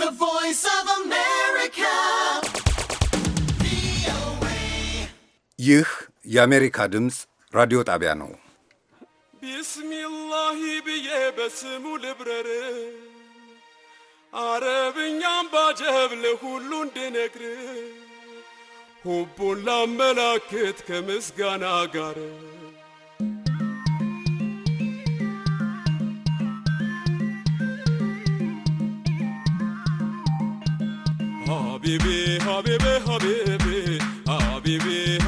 The Voice of America. ይህ የአሜሪካ ድምፅ ራዲዮ ጣቢያ ነው። ቢስሚላሂ ብዬ በስሙ ልብረር አረብኛም ባጀብ ለሁሉ እንድነግር ሁቡን ላመላክት ከምስጋና ጋር Baby, baby, baby, baby, baby.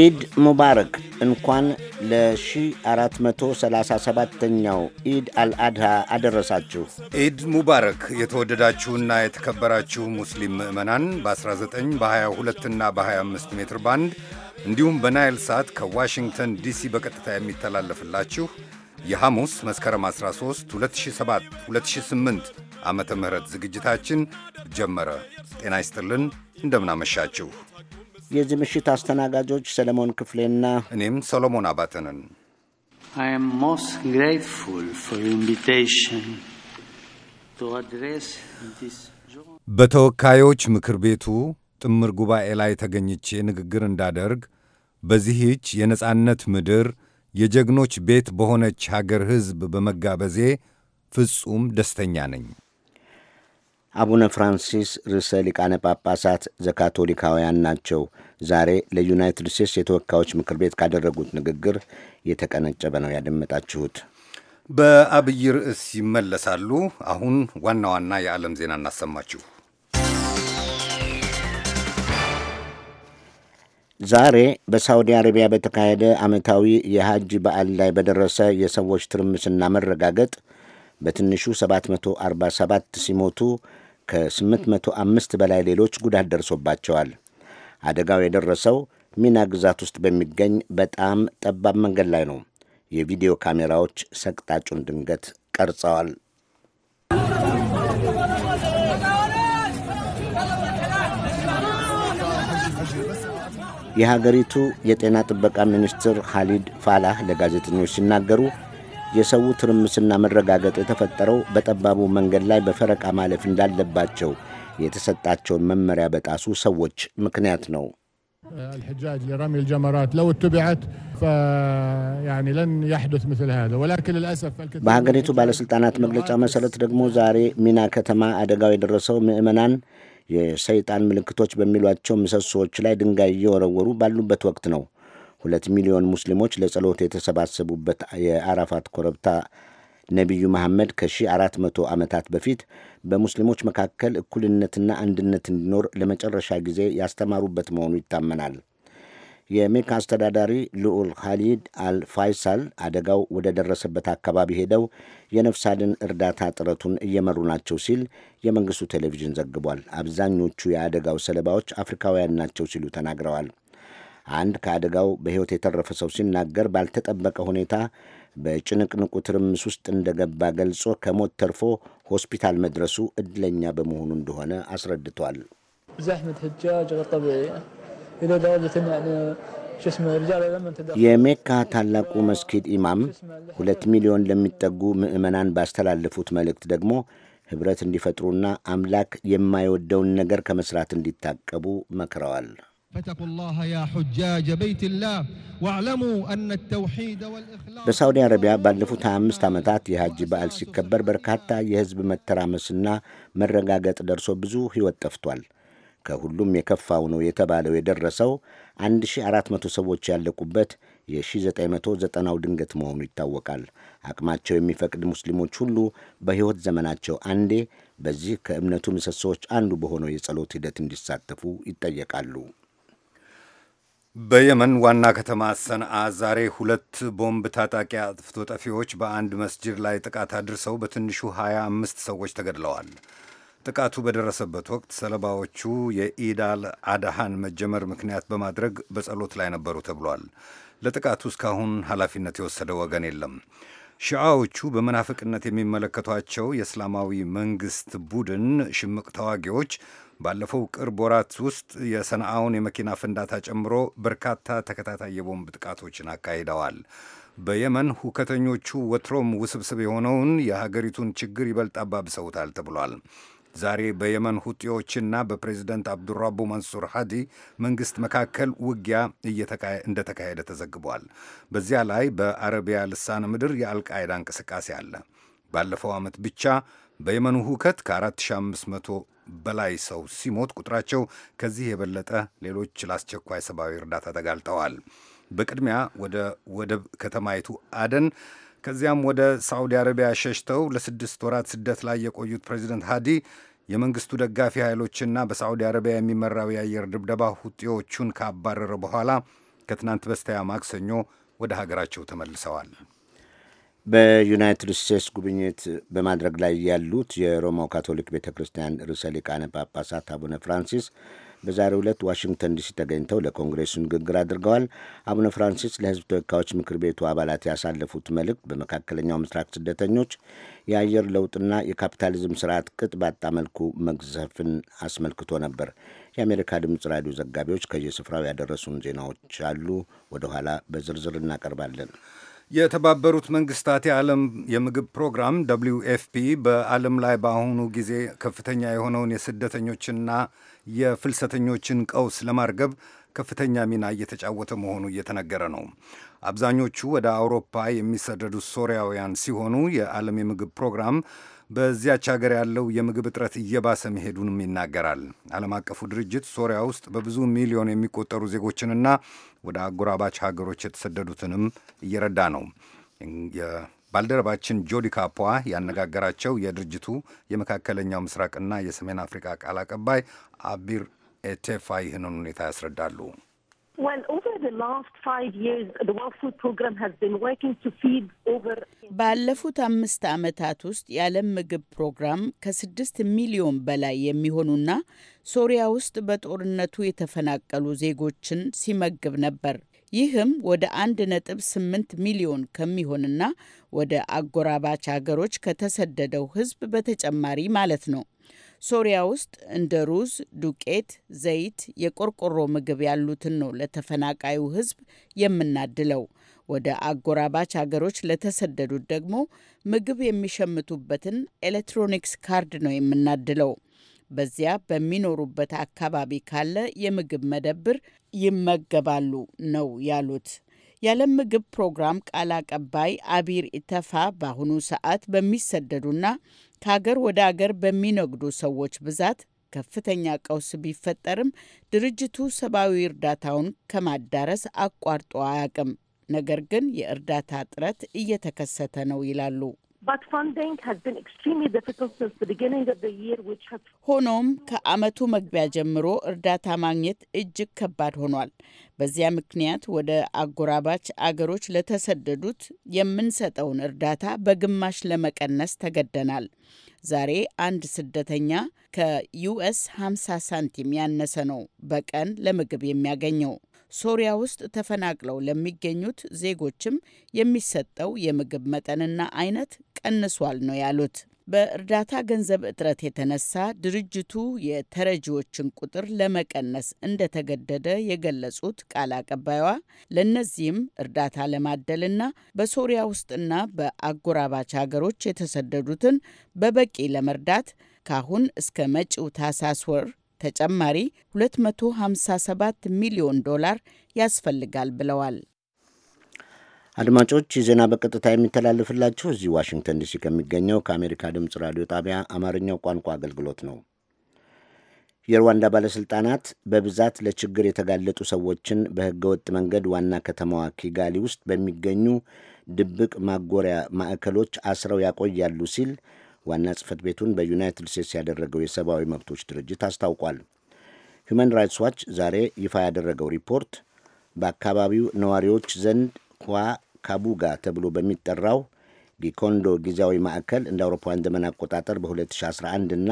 ኢድ ሙባረክ እንኳን ለ1437ኛው ኢድ አልአድሃ አደረሳችሁ። ኢድ ሙባረክ የተወደዳችሁና የተከበራችሁ ሙስሊም ምዕመናን በ19 በ22 እና በ25 ሜትር ባንድ እንዲሁም በናይል ሳት ከዋሽንግተን ዲሲ በቀጥታ የሚተላለፍላችሁ የሐሙስ መስከረም 13 2007 2008 ዓመተ ምህረት ዝግጅታችን ጀመረ። ጤና ይስጥልን፣ እንደምናመሻችሁ የዚህ ምሽት አስተናጋጆች ሰለሞን ክፍሌና እኔም ሰሎሞን አባተንን በተወካዮች ምክር ቤቱ ጥምር ጉባኤ ላይ ተገኝቼ ንግግር እንዳደርግ በዚህች የነጻነት ምድር የጀግኖች ቤት በሆነች ሀገር ሕዝብ በመጋበዜ ፍጹም ደስተኛ ነኝ። አቡነ ፍራንሲስ ርዕሰ ሊቃነ ጳጳሳት ዘካቶሊካውያን ናቸው። ዛሬ ለዩናይትድ ስቴትስ የተወካዮች ምክር ቤት ካደረጉት ንግግር የተቀነጨበ ነው ያደመጣችሁት። በአብይ ርዕስ ይመለሳሉ። አሁን ዋና ዋና የዓለም ዜና እናሰማችሁ። ዛሬ በሳውዲ አረቢያ በተካሄደ ዓመታዊ የሐጅ በዓል ላይ በደረሰ የሰዎች ትርምስና መረጋገጥ በትንሹ 747 ሲሞቱ ከ805 በላይ ሌሎች ጉዳት ደርሶባቸዋል። አደጋው የደረሰው ሚና ግዛት ውስጥ በሚገኝ በጣም ጠባብ መንገድ ላይ ነው። የቪዲዮ ካሜራዎች ሰቅጣጩን ድንገት ቀርጸዋል። የሀገሪቱ የጤና ጥበቃ ሚኒስትር ሀሊድ ፋላህ ለጋዜጠኞች ሲናገሩ የሰው ትርምስና መረጋገጥ የተፈጠረው በጠባቡ መንገድ ላይ በፈረቃ ማለፍ እንዳለባቸው የተሰጣቸውን መመሪያ በጣሱ ሰዎች ምክንያት ነው። الحجاج لرمي الجمرات لو اتبعت فيعني لن يحدث مثل هذا ولكن للاسف በሀገሪቱ ባለስልጣናት መግለጫ መሰረት ደግሞ ዛሬ ሚና ከተማ አደጋው የደረሰው ምዕመናን የሰይጣን ምልክቶች በሚሏቸው ምሰሶዎች ላይ ድንጋይ እየወረወሩ ባሉበት ወቅት ነው። ሁለት ሚሊዮን ሙስሊሞች ለጸሎት የተሰባሰቡበት የአራፋት ኮረብታ ነቢዩ መሐመድ ከ1400 ዓመታት በፊት በሙስሊሞች መካከል እኩልነትና አንድነት እንዲኖር ለመጨረሻ ጊዜ ያስተማሩበት መሆኑ ይታመናል። የሜካ አስተዳዳሪ ልዑል ካሊድ አልፋይሳል አደጋው ወደ ደረሰበት አካባቢ ሄደው የነፍስ አድን እርዳታ ጥረቱን እየመሩ ናቸው ሲል የመንግሥቱ ቴሌቪዥን ዘግቧል። አብዛኞቹ የአደጋው ሰለባዎች አፍሪካውያን ናቸው ሲሉ ተናግረዋል። አንድ ከአደጋው በሕይወት የተረፈ ሰው ሲናገር ባልተጠበቀ ሁኔታ በጭንቅንቁ ትርምስ ውስጥ እንደገባ ገልጾ ከሞት ተርፎ ሆስፒታል መድረሱ እድለኛ በመሆኑ እንደሆነ አስረድቷል። የሜካ ታላቁ መስኪድ ኢማም ሁለት ሚሊዮን ለሚጠጉ ምዕመናን ባስተላለፉት መልእክት ደግሞ ኅብረት እንዲፈጥሩና አምላክ የማይወደውን ነገር ከመሥራት እንዲታቀቡ መክረዋል። በሳዑዲ አረቢያ ባለፉት 25 ዓመታት የሐጅ በዓል ሲከበር በርካታ የሕዝብ መተራመስና መረጋገጥ ደርሶ ብዙ ሕይወት ጠፍቷል። ከሁሉም የከፋው ነው የተባለው የደረሰው 1400 ሰዎች ያለቁበት የ1990ው ድንገት መሆኑ ይታወቃል። አቅማቸው የሚፈቅድ ሙስሊሞች ሁሉ በሕይወት ዘመናቸው አንዴ በዚህ ከእምነቱ ምሰሶዎች አንዱ በሆነው የጸሎት ሂደት እንዲሳተፉ ይጠየቃሉ። በየመን ዋና ከተማ ሰንዓ ዛሬ ሁለት ቦምብ ታጣቂ አጥፍቶ ጠፊዎች በአንድ መስጅድ ላይ ጥቃት አድርሰው በትንሹ 25 ሰዎች ተገድለዋል። ጥቃቱ በደረሰበት ወቅት ሰለባዎቹ የኢዳል አድሃን መጀመር ምክንያት በማድረግ በጸሎት ላይ ነበሩ ተብሏል። ለጥቃቱ እስካሁን ኃላፊነት የወሰደ ወገን የለም። ሺዓዎቹ በመናፍቅነት የሚመለከቷቸው የእስላማዊ መንግስት ቡድን ሽምቅ ተዋጊዎች ባለፈው ቅርብ ወራት ውስጥ የሰንአውን የመኪና ፍንዳታ ጨምሮ በርካታ ተከታታይ የቦምብ ጥቃቶችን አካሂደዋል። በየመን ሁከተኞቹ ወትሮም ውስብስብ የሆነውን የሀገሪቱን ችግር ይበልጥ አባብሰውታል ተብሏል። ዛሬ በየመን ሁጢዎችና በፕሬዚደንት አብዱራቡ መንሱር ሃዲ መንግስት መካከል ውጊያ እንደተካሄደ ተዘግቧል። በዚያ ላይ በአረቢያ ልሳነ ምድር የአልቃይዳ እንቅስቃሴ አለ። ባለፈው ዓመት ብቻ በየመኑ ሁከት ከ4500 በላይ ሰው ሲሞት ቁጥራቸው ከዚህ የበለጠ ሌሎች ለአስቸኳይ ሰብአዊ እርዳታ ተጋልጠዋል። በቅድሚያ ወደ ወደብ ከተማይቱ አደን ከዚያም ወደ ሳዑዲ አረቢያ ሸሽተው ለስድስት ወራት ስደት ላይ የቆዩት ፕሬዚደንት ሃዲ የመንግስቱ ደጋፊ ኃይሎችና በሳዑዲ አረቢያ የሚመራው የአየር ድብደባ ሁጤዎቹን ካባረረ በኋላ ከትናንት በስቲያ ማክሰኞ ወደ ሀገራቸው ተመልሰዋል። በዩናይትድ ስቴትስ ጉብኝት በማድረግ ላይ ያሉት የሮማው ካቶሊክ ቤተ ክርስቲያን ርዕሰ ሊቃነ ጳጳሳት አቡነ ፍራንሲስ በዛሬ ዕለት ዋሽንግተን ዲሲ ተገኝተው ለኮንግሬሱ ንግግር አድርገዋል። አቡነ ፍራንሲስ ለሕዝብ ተወካዮች ምክር ቤቱ አባላት ያሳለፉት መልእክት በመካከለኛው ምስራቅ ስደተኞች የአየር ለውጥና የካፒታሊዝም ስርዓት ቅጥ ባጣ መልኩ መግዘፍን አስመልክቶ ነበር። የአሜሪካ ድምፅ ራዲዮ ዘጋቢዎች ከየስፍራው ያደረሱን ዜናዎች አሉ። ወደ ኋላ በዝርዝር እናቀርባለን። የተባበሩት መንግስታት የዓለም የምግብ ፕሮግራም ደብሊው ኤፍፒ ፒ በዓለም ላይ በአሁኑ ጊዜ ከፍተኛ የሆነውን የስደተኞችና የፍልሰተኞችን ቀውስ ለማርገብ ከፍተኛ ሚና እየተጫወተ መሆኑ እየተነገረ ነው። አብዛኞቹ ወደ አውሮፓ የሚሰደዱ ሶሪያውያን ሲሆኑ የዓለም የምግብ ፕሮግራም በዚያች ሀገር ያለው የምግብ እጥረት እየባሰ መሄዱንም ይናገራል። ዓለም አቀፉ ድርጅት ሶሪያ ውስጥ በብዙ ሚሊዮን የሚቆጠሩ ዜጎችንና ወደ አጎራባች ሀገሮች የተሰደዱትንም እየረዳ ነው። ባልደረባችን ጆዲ ካፖ ያነጋገራቸው የድርጅቱ የመካከለኛው ምስራቅና የሰሜን አፍሪካ ቃል አቀባይ አቢር ኤቴፋ ይህንን ሁኔታ ያስረዳሉ። ባለፉት አምስት ዓመታት ውስጥ የዓለም ምግብ ፕሮግራም ከስድስት ሚሊዮን በላይ የሚሆኑና ሶሪያ ውስጥ በጦርነቱ የተፈናቀሉ ዜጎችን ሲመግብ ነበር። ይህም ወደ ስምንት ሚሊዮን ከሚሆንና ወደ አጎራባች ሀገሮች ከተሰደደው ሕዝብ በተጨማሪ ማለት ነው። ሶሪያ ውስጥ እንደ ሩዝ፣ ዱቄት፣ ዘይት፣ የቆርቆሮ ምግብ ያሉትን ነው ለተፈናቃዩ ህዝብ የምናድለው። ወደ አጎራባች ሀገሮች ለተሰደዱት ደግሞ ምግብ የሚሸምቱበትን ኤሌክትሮኒክስ ካርድ ነው የምናድለው። በዚያ በሚኖሩበት አካባቢ ካለ የምግብ መደብር ይመገባሉ ነው ያሉት። የዓለም ምግብ ፕሮግራም ቃል አቀባይ አቢር ኢተፋ በአሁኑ ሰዓት በሚሰደዱና ከሀገር ወደ አገር በሚነግዱ ሰዎች ብዛት ከፍተኛ ቀውስ ቢፈጠርም ድርጅቱ ሰብአዊ እርዳታውን ከማዳረስ አቋርጦ አያውቅም። ነገር ግን የእርዳታ እጥረት እየተከሰተ ነው ይላሉ። ሆኖም ከአመቱ መግቢያ ጀምሮ እርዳታ ማግኘት እጅግ ከባድ ሆኗል። በዚያ ምክንያት ወደ አጎራባች አገሮች ለተሰደዱት የምንሰጠውን እርዳታ በግማሽ ለመቀነስ ተገደናል። ዛሬ አንድ ስደተኛ ከዩኤስ 50 ሳንቲም ያነሰ ነው በቀን ለምግብ የሚያገኘው። ሶሪያ ውስጥ ተፈናቅለው ለሚገኙት ዜጎችም የሚሰጠው የምግብ መጠንና አይነት ቀንሷል ነው ያሉት። በእርዳታ ገንዘብ እጥረት የተነሳ ድርጅቱ የተረጂዎችን ቁጥር ለመቀነስ እንደተገደደ የገለጹት ቃል አቀባይዋ ለእነዚህም እርዳታ ለማደልና በሶሪያ ውስጥና በአጎራባች ሀገሮች የተሰደዱትን በበቂ ለመርዳት ካሁን እስከ መጪው ታህሳስ ወር ተጨማሪ 257 ሚሊዮን ዶላር ያስፈልጋል ብለዋል። አድማጮች ዜና በቀጥታ የሚተላለፍላችሁ እዚህ ዋሽንግተን ዲሲ ከሚገኘው ከአሜሪካ ድምፅ ራዲዮ ጣቢያ አማርኛው ቋንቋ አገልግሎት ነው። የሩዋንዳ ባለሥልጣናት በብዛት ለችግር የተጋለጡ ሰዎችን በሕገወጥ መንገድ ዋና ከተማዋ ኪጋሊ ውስጥ በሚገኙ ድብቅ ማጎሪያ ማዕከሎች አስረው ያቆያሉ ሲል ዋና ጽህፈት ቤቱን በዩናይትድ ስቴትስ ያደረገው የሰብአዊ መብቶች ድርጅት አስታውቋል። ሁማን ራይትስ ዋች ዛሬ ይፋ ያደረገው ሪፖርት በአካባቢው ነዋሪዎች ዘንድ ኳ ካቡጋ ተብሎ በሚጠራው ጊኮንዶ ጊዜያዊ ማዕከል እንደ አውሮፓውያን ዘመን አቆጣጠር በ2011 እና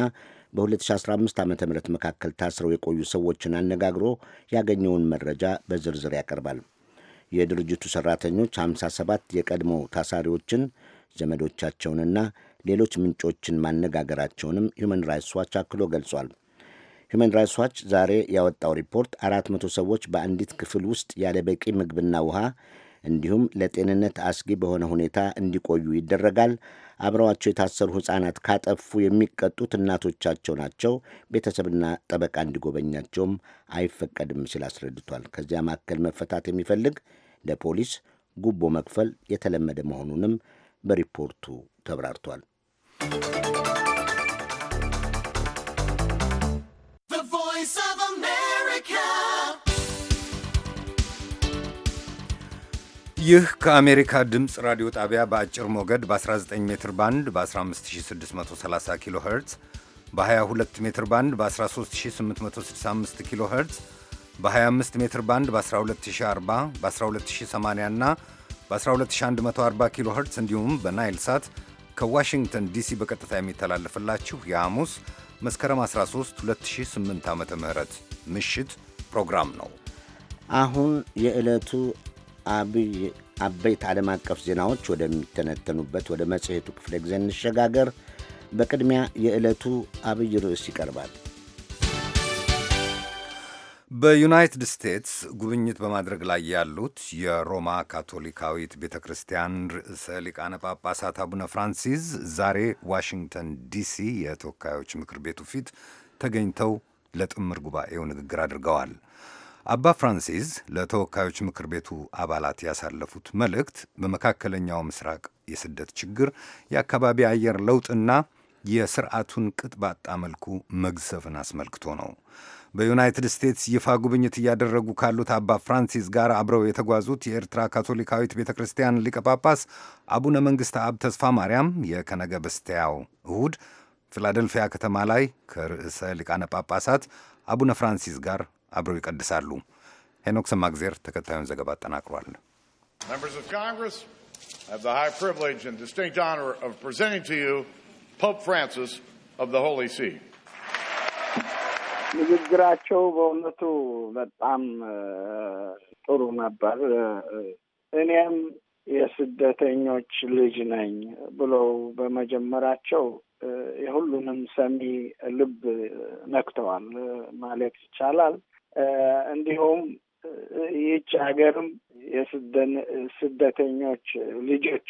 በ2015 ዓ ም መካከል ታስረው የቆዩ ሰዎችን አነጋግሮ ያገኘውን መረጃ በዝርዝር ያቀርባል። የድርጅቱ ሠራተኞች 57 የቀድሞ ታሳሪዎችን ዘመዶቻቸውንና ሌሎች ምንጮችን ማነጋገራቸውንም ሁመን ራይትስ ዋች አክሎ ገልጿል። ሁመን ራይትስ ዋች ዛሬ ያወጣው ሪፖርት አራት መቶ ሰዎች በአንዲት ክፍል ውስጥ ያለ በቂ ምግብና ውሃ እንዲሁም ለጤንነት አስጊ በሆነ ሁኔታ እንዲቆዩ ይደረጋል። አብረዋቸው የታሰሩ ሕፃናት ካጠፉ የሚቀጡት እናቶቻቸው ናቸው። ቤተሰብና ጠበቃ እንዲጎበኛቸውም አይፈቀድም ሲል አስረድቷል። ከዚያ መካከል መፈታት የሚፈልግ ለፖሊስ ጉቦ መክፈል የተለመደ መሆኑንም በሪፖርቱ ተብራርቷል። ይህ ከአሜሪካ ድምፅ ራዲዮ ጣቢያ በአጭር ሞገድ በ19 ሜትር ባንድ በ15630 ኪሎ ኸርትዝ በ22 ሜትር ባንድ በ13865 ኪሎ ኸርትዝ በ25 ሜትር ባንድ በ12040 በ12080 እና በ12140 ኪሎ ኸርትዝ እንዲሁም በናይል ሳት ከዋሽንግተን ዲሲ በቀጥታ የሚተላለፍላችሁ የሐሙስ መስከረም 13 2008 ዓ ም ምሽት ፕሮግራም ነው። አሁን የዕለቱ አብይ አበይት ዓለም አቀፍ ዜናዎች ወደሚተነተኑበት ወደ መጽሔቱ ክፍለ ጊዜ እንሸጋገር። በቅድሚያ የዕለቱ አብይ ርዕስ ይቀርባል። በዩናይትድ ስቴትስ ጉብኝት በማድረግ ላይ ያሉት የሮማ ካቶሊካዊት ቤተ ክርስቲያን ርዕሰ ሊቃነ ጳጳሳት አቡነ ፍራንሲስ ዛሬ ዋሽንግተን ዲሲ የተወካዮች ምክር ቤቱ ፊት ተገኝተው ለጥምር ጉባኤው ንግግር አድርገዋል። አባ ፍራንሲስ ለተወካዮች ምክር ቤቱ አባላት ያሳለፉት መልእክት በመካከለኛው ምስራቅ የስደት ችግር፣ የአካባቢ አየር ለውጥና የስርዓቱን ቅጥ ባጣ መልኩ መግዘፍን አስመልክቶ ነው። በዩናይትድ ስቴትስ ይፋ ጉብኝት እያደረጉ ካሉት አባ ፍራንሲስ ጋር አብረው የተጓዙት የኤርትራ ካቶሊካዊት ቤተ ክርስቲያን ሊቀ ጳጳስ አቡነ መንግሥት አብ ተስፋ ማርያም የከነገ በስቲያው እሁድ ፊላደልፊያ ከተማ ላይ ከርዕሰ ሊቃነ ጳጳሳት አቡነ ፍራንሲስ ጋር አብረው ይቀድሳሉ። ሄኖክ ሰማግዜር ተከታዩን ዘገባ አጠናቅሯል። ፖፕ ፍራንሲስ ኦፍ ዘ ሆሊ ሲ ንግግራቸው በእውነቱ በጣም ጥሩ ነበር። እኔም የስደተኞች ልጅ ነኝ ብለው በመጀመራቸው የሁሉንም ሰሚ ልብ ነክተዋል ማለት ይቻላል። እንዲሁም ይህች ሀገርም የስደተኞች ልጆች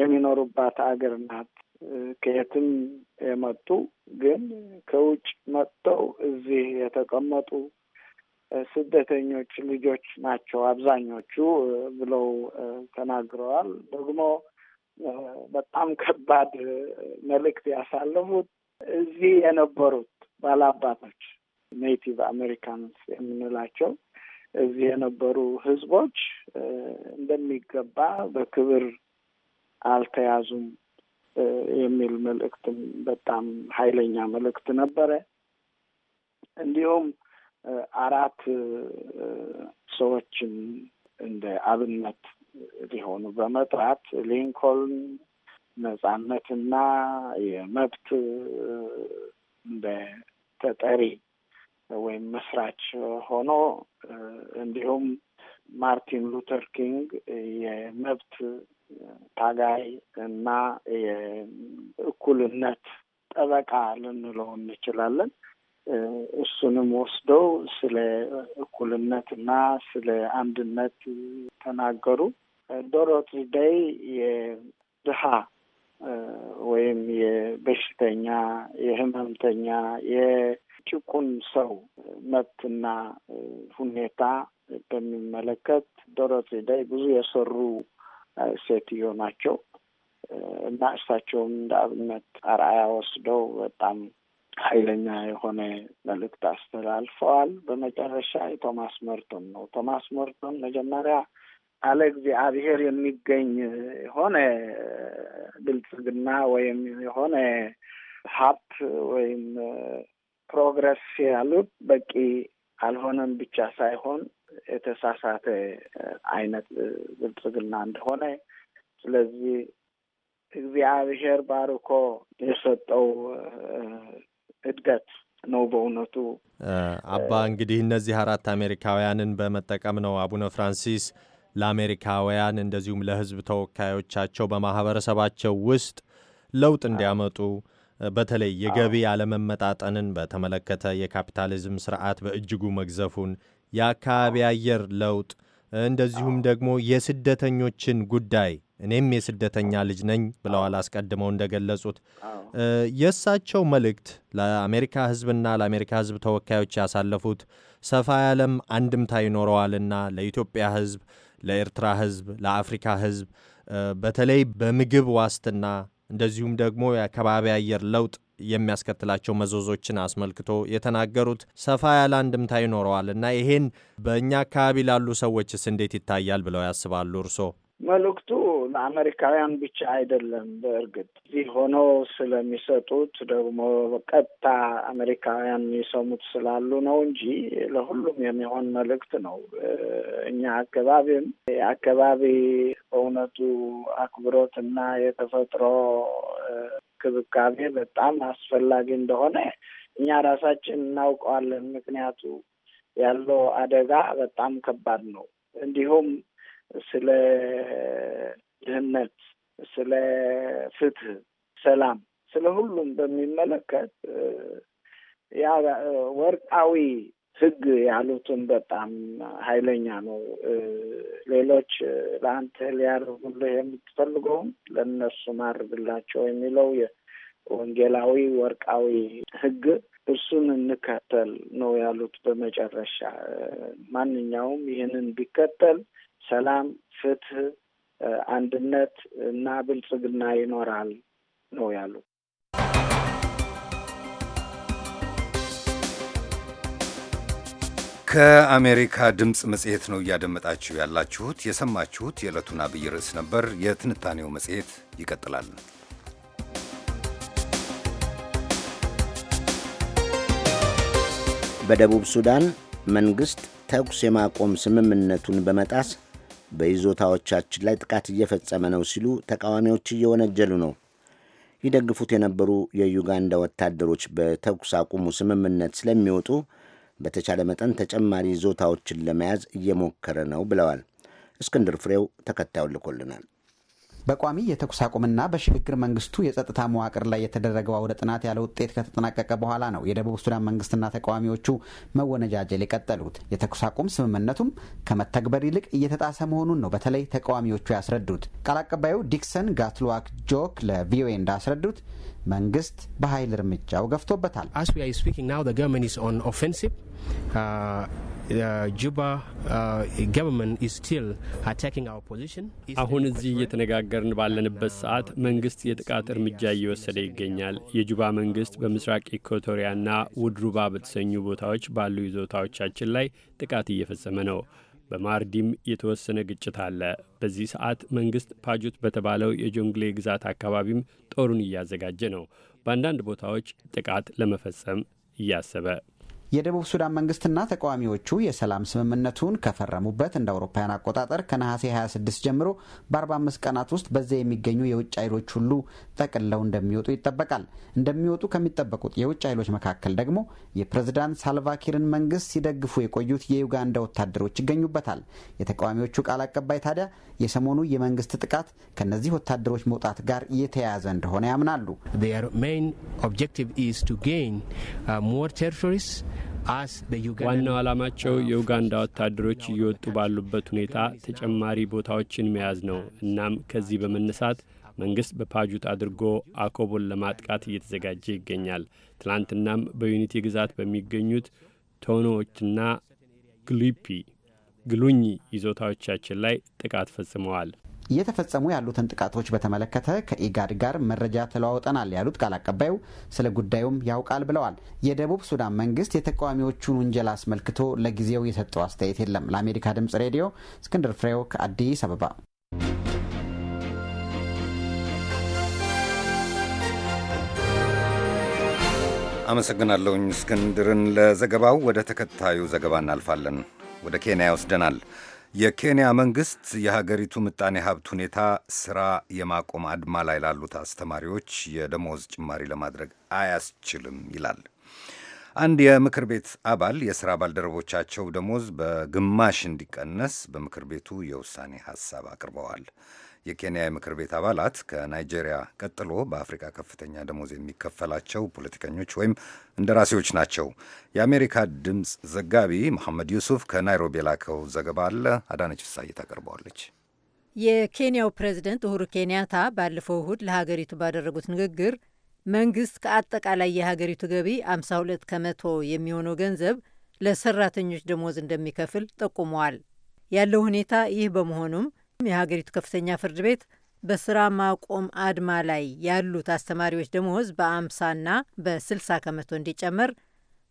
የሚኖሩባት ሀገር ናት ከየትም የመጡ ግን ከውጭ መጥተው እዚህ የተቀመጡ ስደተኞች ልጆች ናቸው አብዛኞቹ ብለው ተናግረዋል። ደግሞ በጣም ከባድ መልእክት ያሳለፉት እዚህ የነበሩት ባላባቶች ኔቲቭ አሜሪካንስ የምንላቸው እዚህ የነበሩ ህዝቦች እንደሚገባ በክብር አልተያዙም የሚል መልእክትም በጣም ኃይለኛ መልእክት ነበረ። እንዲሁም አራት ሰዎችን እንደ አብነት ሊሆኑ በመጥራት ሊንኮልን ነጻነትና የመብት እንደ ተጠሪ ወይም መስራች ሆኖ እንዲሁም ማርቲን ሉተር ኪንግ የመብት ታጋይ እና የእኩልነት ጠበቃ ልንለው እንችላለን። እሱንም ወስደው ስለ እኩልነት እና ስለ አንድነት ተናገሩ። ዶሮቲ ደይ የድሃ ወይም የበሽተኛ፣ የህመምተኛ የጭቁን ሰው መብትና ሁኔታ በሚመለከት ዶሮቲ ደይ ብዙ የሰሩ ሴትዮ ናቸው እና እሳቸውም እንደ አብነት አርአያ ወስደው በጣም ኃይለኛ የሆነ መልእክት አስተላልፈዋል። በመጨረሻ የቶማስ መርቶን ነው። ቶማስ መርቶን መጀመሪያ አለ እግዚአብሔር የሚገኝ የሆነ ብልጽግና ወይም የሆነ ሀብት ወይም ፕሮግረስ ያሉት በቂ አልሆነም ብቻ ሳይሆን የተሳሳተ አይነት ብልጽግና እንደሆነ ስለዚህ እግዚአብሔር ባርኮ የሰጠው እድገት ነው በእውነቱ። አባ እንግዲህ እነዚህ አራት አሜሪካውያንን በመጠቀም ነው አቡነ ፍራንሲስ ለአሜሪካውያን እንደዚሁም ለሕዝብ ተወካዮቻቸው በማህበረሰባቸው ውስጥ ለውጥ እንዲያመጡ በተለይ የገቢ አለመመጣጠንን በተመለከተ የካፒታሊዝም ስርዓት በእጅጉ መግዘፉን የአካባቢ አየር ለውጥ እንደዚሁም ደግሞ የስደተኞችን ጉዳይ እኔም የስደተኛ ልጅ ነኝ ብለዋል። አስቀድመው እንደገለጹት የእሳቸው መልእክት ለአሜሪካ ሕዝብና ለአሜሪካ ሕዝብ ተወካዮች ያሳለፉት ሰፋ ያለም አንድምታ ይኖረዋልና ለኢትዮጵያ ሕዝብ፣ ለኤርትራ ሕዝብ፣ ለአፍሪካ ሕዝብ በተለይ በምግብ ዋስትና እንደዚሁም ደግሞ የአካባቢ አየር ለውጥ የሚያስከትላቸው መዘዞችን አስመልክቶ የተናገሩት ሰፋ ያለ አንድምታ ይኖረዋል እና ይሄን በእኛ አካባቢ ላሉ ሰዎችስ እንዴት ይታያል ብለው ያስባሉ እርስዎ? መልእክቱ ለአሜሪካውያን ብቻ አይደለም። በእርግጥ እዚህ ሆነው ስለሚሰጡት ደግሞ ቀጥታ አሜሪካውያን የሚሰሙት ስላሉ ነው እንጂ ለሁሉም የሚሆን መልእክት ነው። እኛ አካባቢም የአካባቢ በእውነቱ አክብሮት እና የተፈጥሮ ክብካቤ በጣም አስፈላጊ እንደሆነ እኛ ራሳችን እናውቀዋለን። ምክንያቱ ያለው አደጋ በጣም ከባድ ነው። እንዲሁም ስለ ድህነት፣ ስለ ፍትህ፣ ሰላም፣ ስለ ሁሉም በሚመለከት ያ ወርቃዊ ህግ ያሉትን በጣም ኃይለኛ ነው። ሌሎች ለአንተ ሊያደርጉልህ የምትፈልገውም ለእነሱ ማድርግላቸው የሚለው ወንጌላዊ ወርቃዊ ህግ እርሱን እንከተል ነው ያሉት። በመጨረሻ ማንኛውም ይህንን ቢከተል ሰላም፣ ፍትህ፣ አንድነት እና ብልጽግና ይኖራል ነው ያሉት። ከአሜሪካ ድምፅ መጽሔት ነው እያደመጣችሁ ያላችሁት። የሰማችሁት የዕለቱን አብይ ርዕስ ነበር። የትንታኔው መጽሔት ይቀጥላል። በደቡብ ሱዳን መንግሥት ተኩስ የማቆም ስምምነቱን በመጣስ በይዞታዎቻችን ላይ ጥቃት እየፈጸመ ነው ሲሉ ተቃዋሚዎች እየወነጀሉ ነው። ይደግፉት የነበሩ የዩጋንዳ ወታደሮች በተኩስ አቁሙ ስምምነት ስለሚወጡ በተቻለ መጠን ተጨማሪ ይዞታዎችን ለመያዝ እየሞከረ ነው ብለዋል። እስክንድር ፍሬው ተከታዩን ልኮልናል። በቋሚ የተኩስ አቁምና በሽግግር መንግስቱ የጸጥታ መዋቅር ላይ የተደረገው አውደ ጥናት ያለ ውጤት ከተጠናቀቀ በኋላ ነው የደቡብ ሱዳን መንግስትና ተቃዋሚዎቹ መወነጃጀል የቀጠሉት። የተኩስ አቁም ስምምነቱም ከመተግበር ይልቅ እየተጣሰ መሆኑን ነው በተለይ ተቃዋሚዎቹ ያስረዱት። ቃል አቀባዩ ዲክሰን ጋትሉዋክ ጆክ ለቪኦኤ እንዳስረዱት መንግስት በኃይል እርምጃው ገፍቶበታል። Uh, uh, uh, አሁን እዚህ እየተነጋገርን ባለንበት ሰዓት መንግስት የጥቃት እርምጃ እየወሰደ ይገኛል። የጁባ መንግስት በምስራቅ ኢኳቶሪያና ውድሩባ በተሰኙ ቦታዎች ባሉ ይዞታዎቻችን ላይ ጥቃት እየፈጸመ ነው። በማርዲም የተወሰነ ግጭት አለ። በዚህ ሰዓት መንግስት ፓጁት በተባለው የጆንግሌ ግዛት አካባቢም ጦሩን እያዘጋጀ ነው፣ በአንዳንድ ቦታዎች ጥቃት ለመፈጸም እያሰበ የደቡብ ሱዳን መንግስትና ተቃዋሚዎቹ የሰላም ስምምነቱን ከፈረሙበት እንደ አውሮፓውያን አቆጣጠር ከነሐሴ 26 ጀምሮ በ45 ቀናት ውስጥ በዚያ የሚገኙ የውጭ ኃይሎች ሁሉ ጠቅለው እንደሚወጡ ይጠበቃል። እንደሚወጡ ከሚጠበቁት የውጭ ኃይሎች መካከል ደግሞ የፕሬዝዳንት ሳልቫኪርን መንግስት ሲደግፉ የቆዩት የዩጋንዳ ወታደሮች ይገኙበታል። የተቃዋሚዎቹ ቃል አቀባይ ታዲያ የሰሞኑ የመንግስት ጥቃት ከእነዚህ ወታደሮች መውጣት ጋር የተያያዘ እንደሆነ ያምናሉ። ዋናው ዓላማቸው የኡጋንዳ ወታደሮች እየወጡ ባሉበት ሁኔታ ተጨማሪ ቦታዎችን መያዝ ነው። እናም ከዚህ በመነሳት መንግስት በፓጁት አድርጎ አኮቦን ለማጥቃት እየተዘጋጀ ይገኛል። ትናንትናም በዩኒቲ ግዛት በሚገኙት ቶኖዎችና ግሉፒ ግሉኝ ይዞታዎቻችን ላይ ጥቃት ፈጽመዋል። እየተፈጸሙ ያሉትን ጥቃቶች በተመለከተ ከኢጋድ ጋር መረጃ ተለዋውጠናል ያሉት ቃል አቀባዩ ስለ ጉዳዩም ያውቃል ብለዋል። የደቡብ ሱዳን መንግስት የተቃዋሚዎቹን ውንጀላ አስመልክቶ ለጊዜው የሰጠው አስተያየት የለም። ለአሜሪካ ድምጽ ሬዲዮ እስክንድር ፍሬው ከአዲስ አበባ። አመሰግናለሁኝ እስክንድርን ለዘገባው። ወደ ተከታዩ ዘገባ እናልፋለን። ወደ ኬንያ ይወስደናል። የኬንያ መንግስት የሀገሪቱ ምጣኔ ሀብት ሁኔታ ስራ የማቆም አድማ ላይ ላሉት አስተማሪዎች የደሞዝ ጭማሪ ለማድረግ አያስችልም ይላል። አንድ የምክር ቤት አባል የስራ ባልደረቦቻቸው ደሞዝ በግማሽ እንዲቀነስ በምክር ቤቱ የውሳኔ ሀሳብ አቅርበዋል። የኬንያ የምክር ቤት አባላት ከናይጄሪያ ቀጥሎ በአፍሪካ ከፍተኛ ደሞዝ የሚከፈላቸው ፖለቲከኞች ወይም እንደራሴዎች ናቸው። የአሜሪካ ድምፅ ዘጋቢ መሐመድ ዩሱፍ ከናይሮቢ የላከው ዘገባ አለ። አዳነች ፍሳይ ታቀርበዋለች። የኬንያው ፕሬዝደንት ኡሁሩ ኬንያታ ባለፈው እሁድ ለሀገሪቱ ባደረጉት ንግግር መንግስት ከአጠቃላይ የሀገሪቱ ገቢ 52 ከመቶ የሚሆነው ገንዘብ ለሰራተኞች ደሞዝ እንደሚከፍል ጠቁመዋል። ያለው ሁኔታ ይህ በመሆኑም የሀገሪቱ ከፍተኛ ፍርድ ቤት በስራ ማቆም አድማ ላይ ያሉት አስተማሪዎች ደሞዝ በአምሳና በስልሳ ከመቶ እንዲጨመር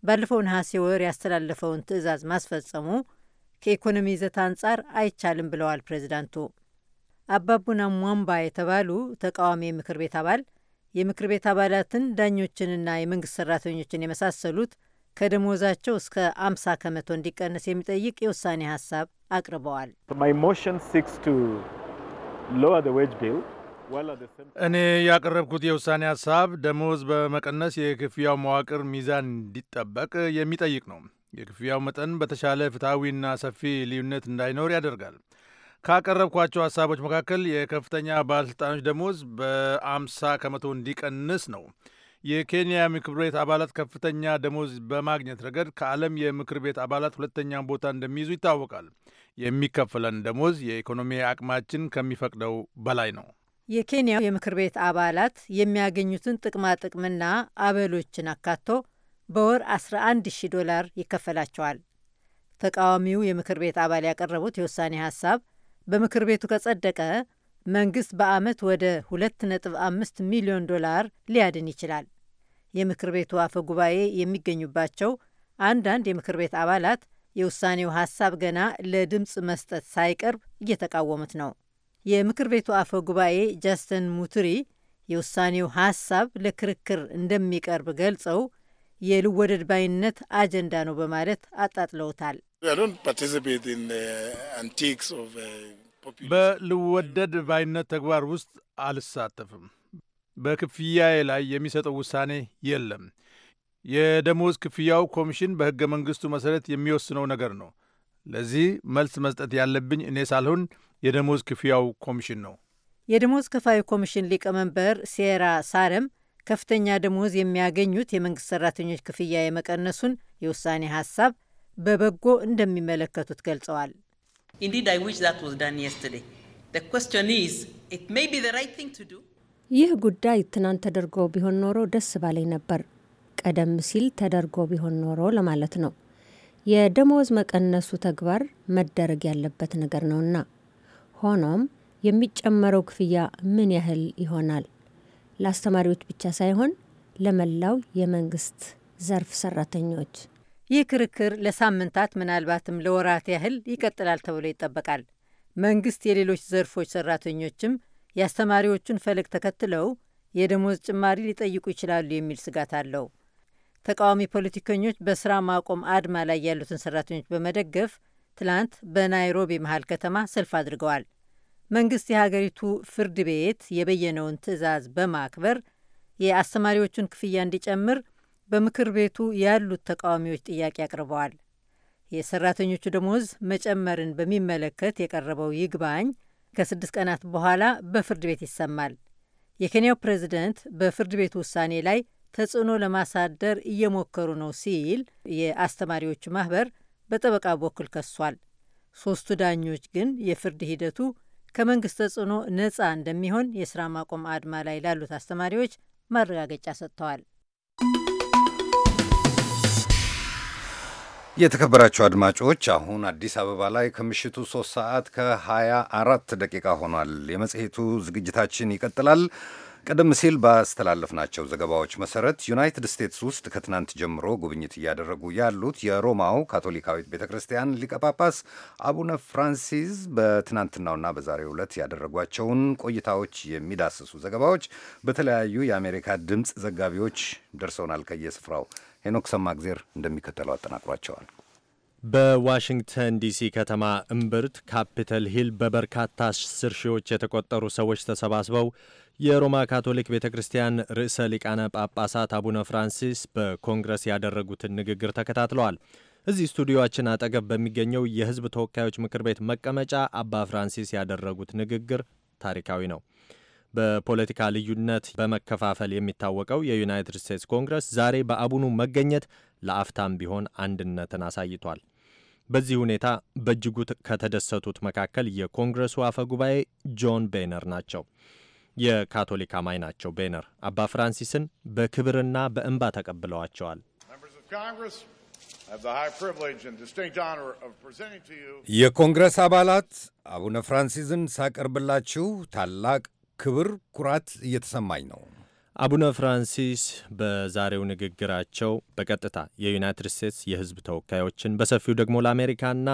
ባለፈው ነሐሴ ወር ያስተላለፈውን ትዕዛዝ ማስፈጸሙ ከኢኮኖሚ ይዘት አንጻር አይቻልም ብለዋል ፕሬዚዳንቱ። አባቡና ሟምባ የተባሉ ተቃዋሚ የምክር ቤት አባል የምክር ቤት አባላትን፣ ዳኞችንና የመንግስት ሰራተኞችን የመሳሰሉት ከደሞዛቸው እስከ 50 ከመቶ እንዲቀንስ የሚጠይቅ የውሳኔ ሀሳብ አቅርበዋል። እኔ ያቀረብኩት የውሳኔ ሀሳብ ደሞዝ በመቀነስ የክፍያው መዋቅር ሚዛን እንዲጠበቅ የሚጠይቅ ነው። የክፍያው መጠን በተሻለ ፍትሐዊና ሰፊ ልዩነት እንዳይኖር ያደርጋል። ካቀረብኳቸው ሀሳቦች መካከል የከፍተኛ ባለሥልጣኖች ደሞዝ በአምሳ ከመቶ እንዲቀንስ ነው። የኬንያ ምክር ቤት አባላት ከፍተኛ ደሞዝ በማግኘት ረገድ ከዓለም የምክር ቤት አባላት ሁለተኛውን ቦታ እንደሚይዙ ይታወቃል። የሚከፈለን ደሞዝ የኢኮኖሚ አቅማችን ከሚፈቅደው በላይ ነው። የኬንያ የምክር ቤት አባላት የሚያገኙትን ጥቅማጥቅምና አበሎችን አካቶ በወር 11 ሺ ዶላር ይከፈላቸዋል። ተቃዋሚው የምክር ቤት አባል ያቀረቡት የውሳኔ ሀሳብ በምክር ቤቱ ከጸደቀ መንግስት በአመት ወደ 2.5 ሚሊዮን ዶላር ሊያድን ይችላል። የምክር ቤቱ አፈ ጉባኤ የሚገኙባቸው አንዳንድ የምክር ቤት አባላት የውሳኔው ሀሳብ ገና ለድምፅ መስጠት ሳይቀርብ እየተቃወሙት ነው። የምክር ቤቱ አፈ ጉባኤ ጃስተን ሙትሪ የውሳኔው ሀሳብ ለክርክር እንደሚቀርብ ገልጸው የልወደድ ባይነት አጀንዳ ነው በማለት አጣጥለውታል። በልወደድ ባይነት ተግባር ውስጥ አልሳተፍም። በክፍያዬ ላይ የሚሰጠው ውሳኔ የለም። የደሞዝ ክፍያው ኮሚሽን በሕገ መንግሥቱ መሠረት የሚወስነው ነገር ነው። ለዚህ መልስ መስጠት ያለብኝ እኔ ሳልሆን የደሞዝ ክፍያው ኮሚሽን ነው። የደሞዝ ከፋዩ ኮሚሽን ሊቀመንበር ሴራ ሳረም ከፍተኛ ደሞዝ የሚያገኙት የመንግሥት ሠራተኞች ክፍያ የመቀነሱን የውሳኔ ሐሳብ በበጎ እንደሚመለከቱት ገልጸዋል። Indeed, I wish that was done yesterday. The question is, it may be the right thing to do. ይህ ጉዳይ ትናንት ተደርጎ ቢሆን ኖሮ ደስ ባለኝ ነበር። ቀደም ሲል ተደርጎ ቢሆን ኖሮ ለማለት ነው። የደሞዝ መቀነሱ ተግባር መደረግ ያለበት ነገር ነውና፣ ሆኖም የሚጨመረው ክፍያ ምን ያህል ይሆናል? ለአስተማሪዎች ብቻ ሳይሆን ለመላው የመንግስት ዘርፍ ሰራተኞች ይህ ክርክር ለሳምንታት ምናልባትም ለወራት ያህል ይቀጥላል ተብሎ ይጠበቃል። መንግስት የሌሎች ዘርፎች ሰራተኞችም የአስተማሪዎቹን ፈለግ ተከትለው የደሞዝ ጭማሪ ሊጠይቁ ይችላሉ የሚል ስጋት አለው። ተቃዋሚ ፖለቲከኞች በስራ ማቆም አድማ ላይ ያሉትን ሰራተኞች በመደገፍ ትላንት በናይሮቢ መሀል ከተማ ሰልፍ አድርገዋል። መንግስት የሀገሪቱ ፍርድ ቤት የበየነውን ትዕዛዝ በማክበር የአስተማሪዎቹን ክፍያ እንዲጨምር በምክር ቤቱ ያሉት ተቃዋሚዎች ጥያቄ አቅርበዋል። የሰራተኞቹ ደሞዝ መጨመርን በሚመለከት የቀረበው ይግባኝ ከስድስት ቀናት በኋላ በፍርድ ቤት ይሰማል። የኬንያው ፕሬዝደንት በፍርድ ቤቱ ውሳኔ ላይ ተጽዕኖ ለማሳደር እየሞከሩ ነው ሲል የአስተማሪዎቹ ማህበር በጠበቃ በኩል ከሷል። ሶስቱ ዳኞች ግን የፍርድ ሂደቱ ከመንግስት ተጽዕኖ ነፃ እንደሚሆን የስራ ማቆም አድማ ላይ ላሉት አስተማሪዎች ማረጋገጫ ሰጥተዋል። የተከበራቸው አድማጮች አሁን አዲስ አበባ ላይ ከምሽቱ 3 ሰዓት ከ አራት ደቂቃ ሆኗል። የመጽሔቱ ዝግጅታችን ይቀጥላል። ቀደም ሲል ባስተላለፍናቸው ዘገባዎች መሰረት ዩናይትድ ስቴትስ ውስጥ ከትናንት ጀምሮ ጉብኝት እያደረጉ ያሉት የሮማው ካቶሊካዊት ቤተ ክርስቲያን ሊቀ ጳጳስ አቡነ ፍራንሲስ በትናንትናውና በዛሬው ዕለት ያደረጓቸውን ቆይታዎች የሚዳስሱ ዘገባዎች በተለያዩ የአሜሪካ ድምፅ ዘጋቢዎች ደርሰውናል ከየስፍራው ሄኖክ ሰማግዜር እንደሚከተለው አጠናቅሯቸዋል። በዋሽንግተን ዲሲ ከተማ እምብርት ካፒተል ሂል በበርካታ አስር ሺዎች የተቆጠሩ ሰዎች ተሰባስበው የሮማ ካቶሊክ ቤተ ክርስቲያን ርዕሰ ሊቃነ ጳጳሳት አቡነ ፍራንሲስ በኮንግረስ ያደረጉትን ንግግር ተከታትለዋል። እዚህ ስቱዲዮችን አጠገብ በሚገኘው የሕዝብ ተወካዮች ምክር ቤት መቀመጫ አባ ፍራንሲስ ያደረጉት ንግግር ታሪካዊ ነው። በፖለቲካ ልዩነት በመከፋፈል የሚታወቀው የዩናይትድ ስቴትስ ኮንግረስ ዛሬ በአቡኑ መገኘት ለአፍታም ቢሆን አንድነትን አሳይቷል። በዚህ ሁኔታ በእጅጉ ከተደሰቱት መካከል የኮንግረሱ አፈ ጉባኤ ጆን ቤነር ናቸው። የካቶሊክ አማኝ ናቸው። ቤነር አባ ፍራንሲስን በክብርና በእንባ ተቀብለዋቸዋል። የኮንግረስ አባላት አቡነ ፍራንሲስን ሳቀርብላችሁ ታላቅ ክብር፣ ኩራት እየተሰማኝ ነው። አቡነ ፍራንሲስ በዛሬው ንግግራቸው በቀጥታ የዩናይትድ ስቴትስ የሕዝብ ተወካዮችን በሰፊው ደግሞ ለአሜሪካና